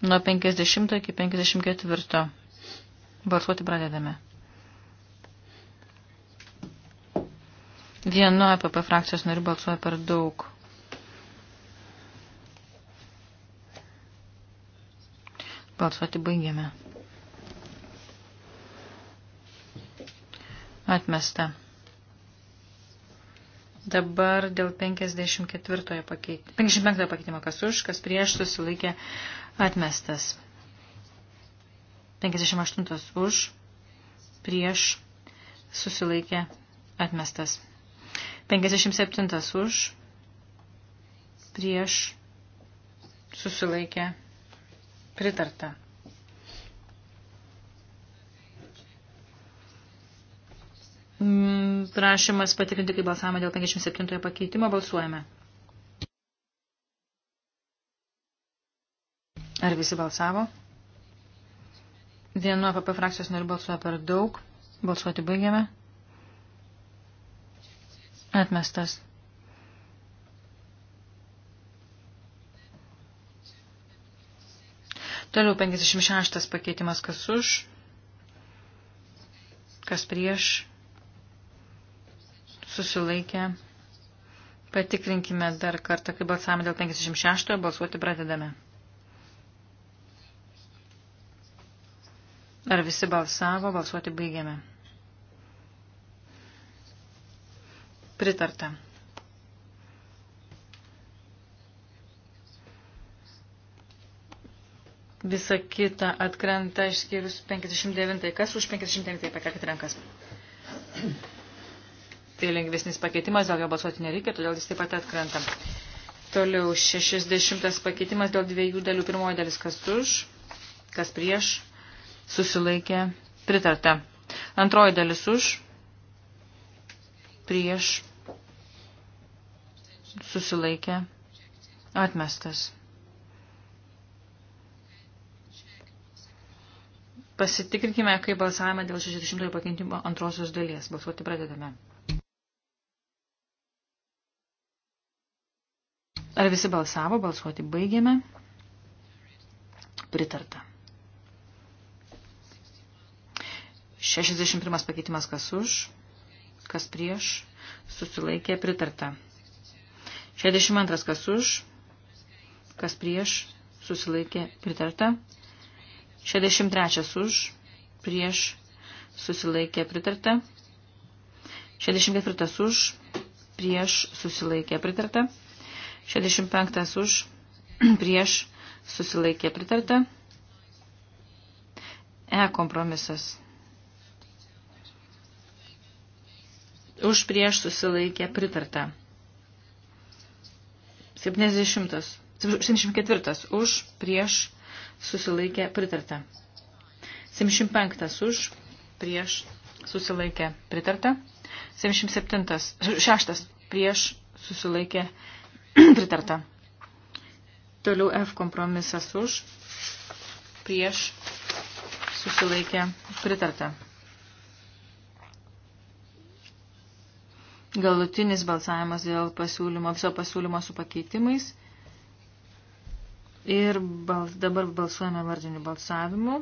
Nuo 50 iki 54 balsuoti pradedame. Vienu EPP frakcijos nariu balsuoja per daug. Balsuoti baigėme. Atmesta. Dabar dėl 54 pakeitimo. 55 pakeitimo kas už, kas prieš susilaikė atmestas. 58 už, prieš susilaikė atmestas. 57 už, prieš, susilaikė, pritarta. Mm, prašymas patikrinti, kaip balsavome dėl 57 pakeitimo, balsuojame. Ar visi balsavo? Vienu APP frakcijos nariu balsuoja per daug. Balsuoti baigiame. Atmestas. Toliau 56 pakeitimas kas už, kas prieš, susilaikė. Patikrinkime dar kartą, kai balsavome dėl 56, balsuoti pradedame. Ar visi balsavo, balsuoti baigėme. Pritarta. Visa kita atkrenta išskyrus 59. Kas už 59 pakakit rankas? Tai lengvesnis pakeitimas, dėl jo balsuoti nereikia, todėl jis taip pat atkrenta. Toliau 60 pakeitimas dėl dviejų dalių. Pirmoji dalis kas už, kas prieš, susilaikė, pritarta. Antroji dalis už, prieš susilaikė atmestas. Pasitikrinkime, kaip balsavome dėl 60 pakeitimo antrosios dalies. Balsuoti pradedame. Ar visi balsavo? Balsuoti baigėme. Pritarta. 61 pakeitimas kas už? kas prieš, susilaikė pritarta. 62 kas už, kas prieš, susilaikė pritarta. 63 už, prieš, susilaikė pritarta. 64 už, prieš, susilaikė pritarta. 65 už, prieš, susilaikė pritarta. E kompromisas. Už prieš susilaikė pritarta. 70. 74. Už prieš susilaikė pritarta. 75. Už prieš susilaikė pritarta. 77. 6. Prieš susilaikė pritarta. Toliau F kompromisas už prieš susilaikė pritarta. galutinis balsavimas dėl pasiūlymo, viso pasiūlymo su pakeitimais. Ir bal, dabar balsuojame vardiniu balsavimu.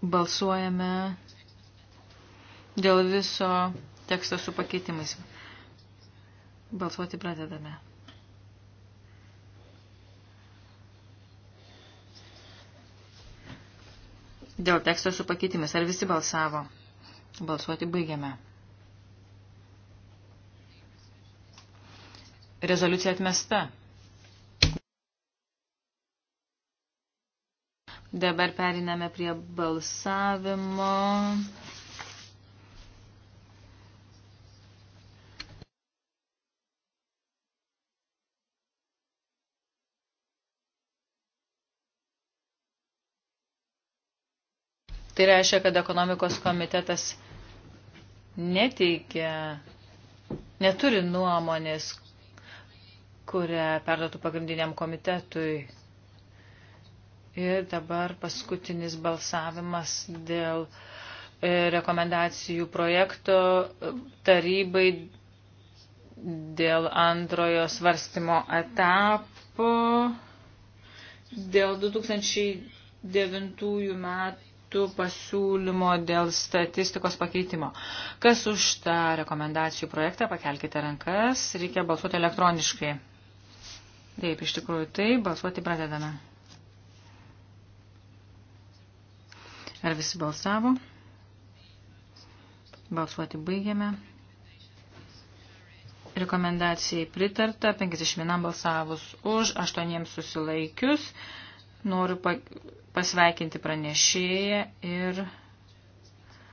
Balsuojame dėl viso teksto su pakeitimais. Balsuoti pradedame. Dėl teksto su pakeitimais. Ar visi balsavo? Balsuoti baigiame. Rezoliucija atmesta. Dabar periname prie balsavimo. Tai reiškia, kad ekonomikos komitetas neteikia, neturi nuomonės, kurią perduotų pagrindiniam komitetui. Ir dabar paskutinis balsavimas dėl e, rekomendacijų projekto e, tarybai dėl antrojo svarstymo etapo dėl 2009 metų pasiūlymo dėl statistikos pakeitimo. Kas už tą rekomendacijų projektą, pakelkite rankas, reikia balsuoti elektroniškai. Taip, iš tikrųjų tai, balsuoti pradedame. Ar visi balsavo? Balsuoti baigiame. Rekomendacijai pritarta, 51 balsavus už, 8 susilaikius. Noriu pasveikinti pranešėją ir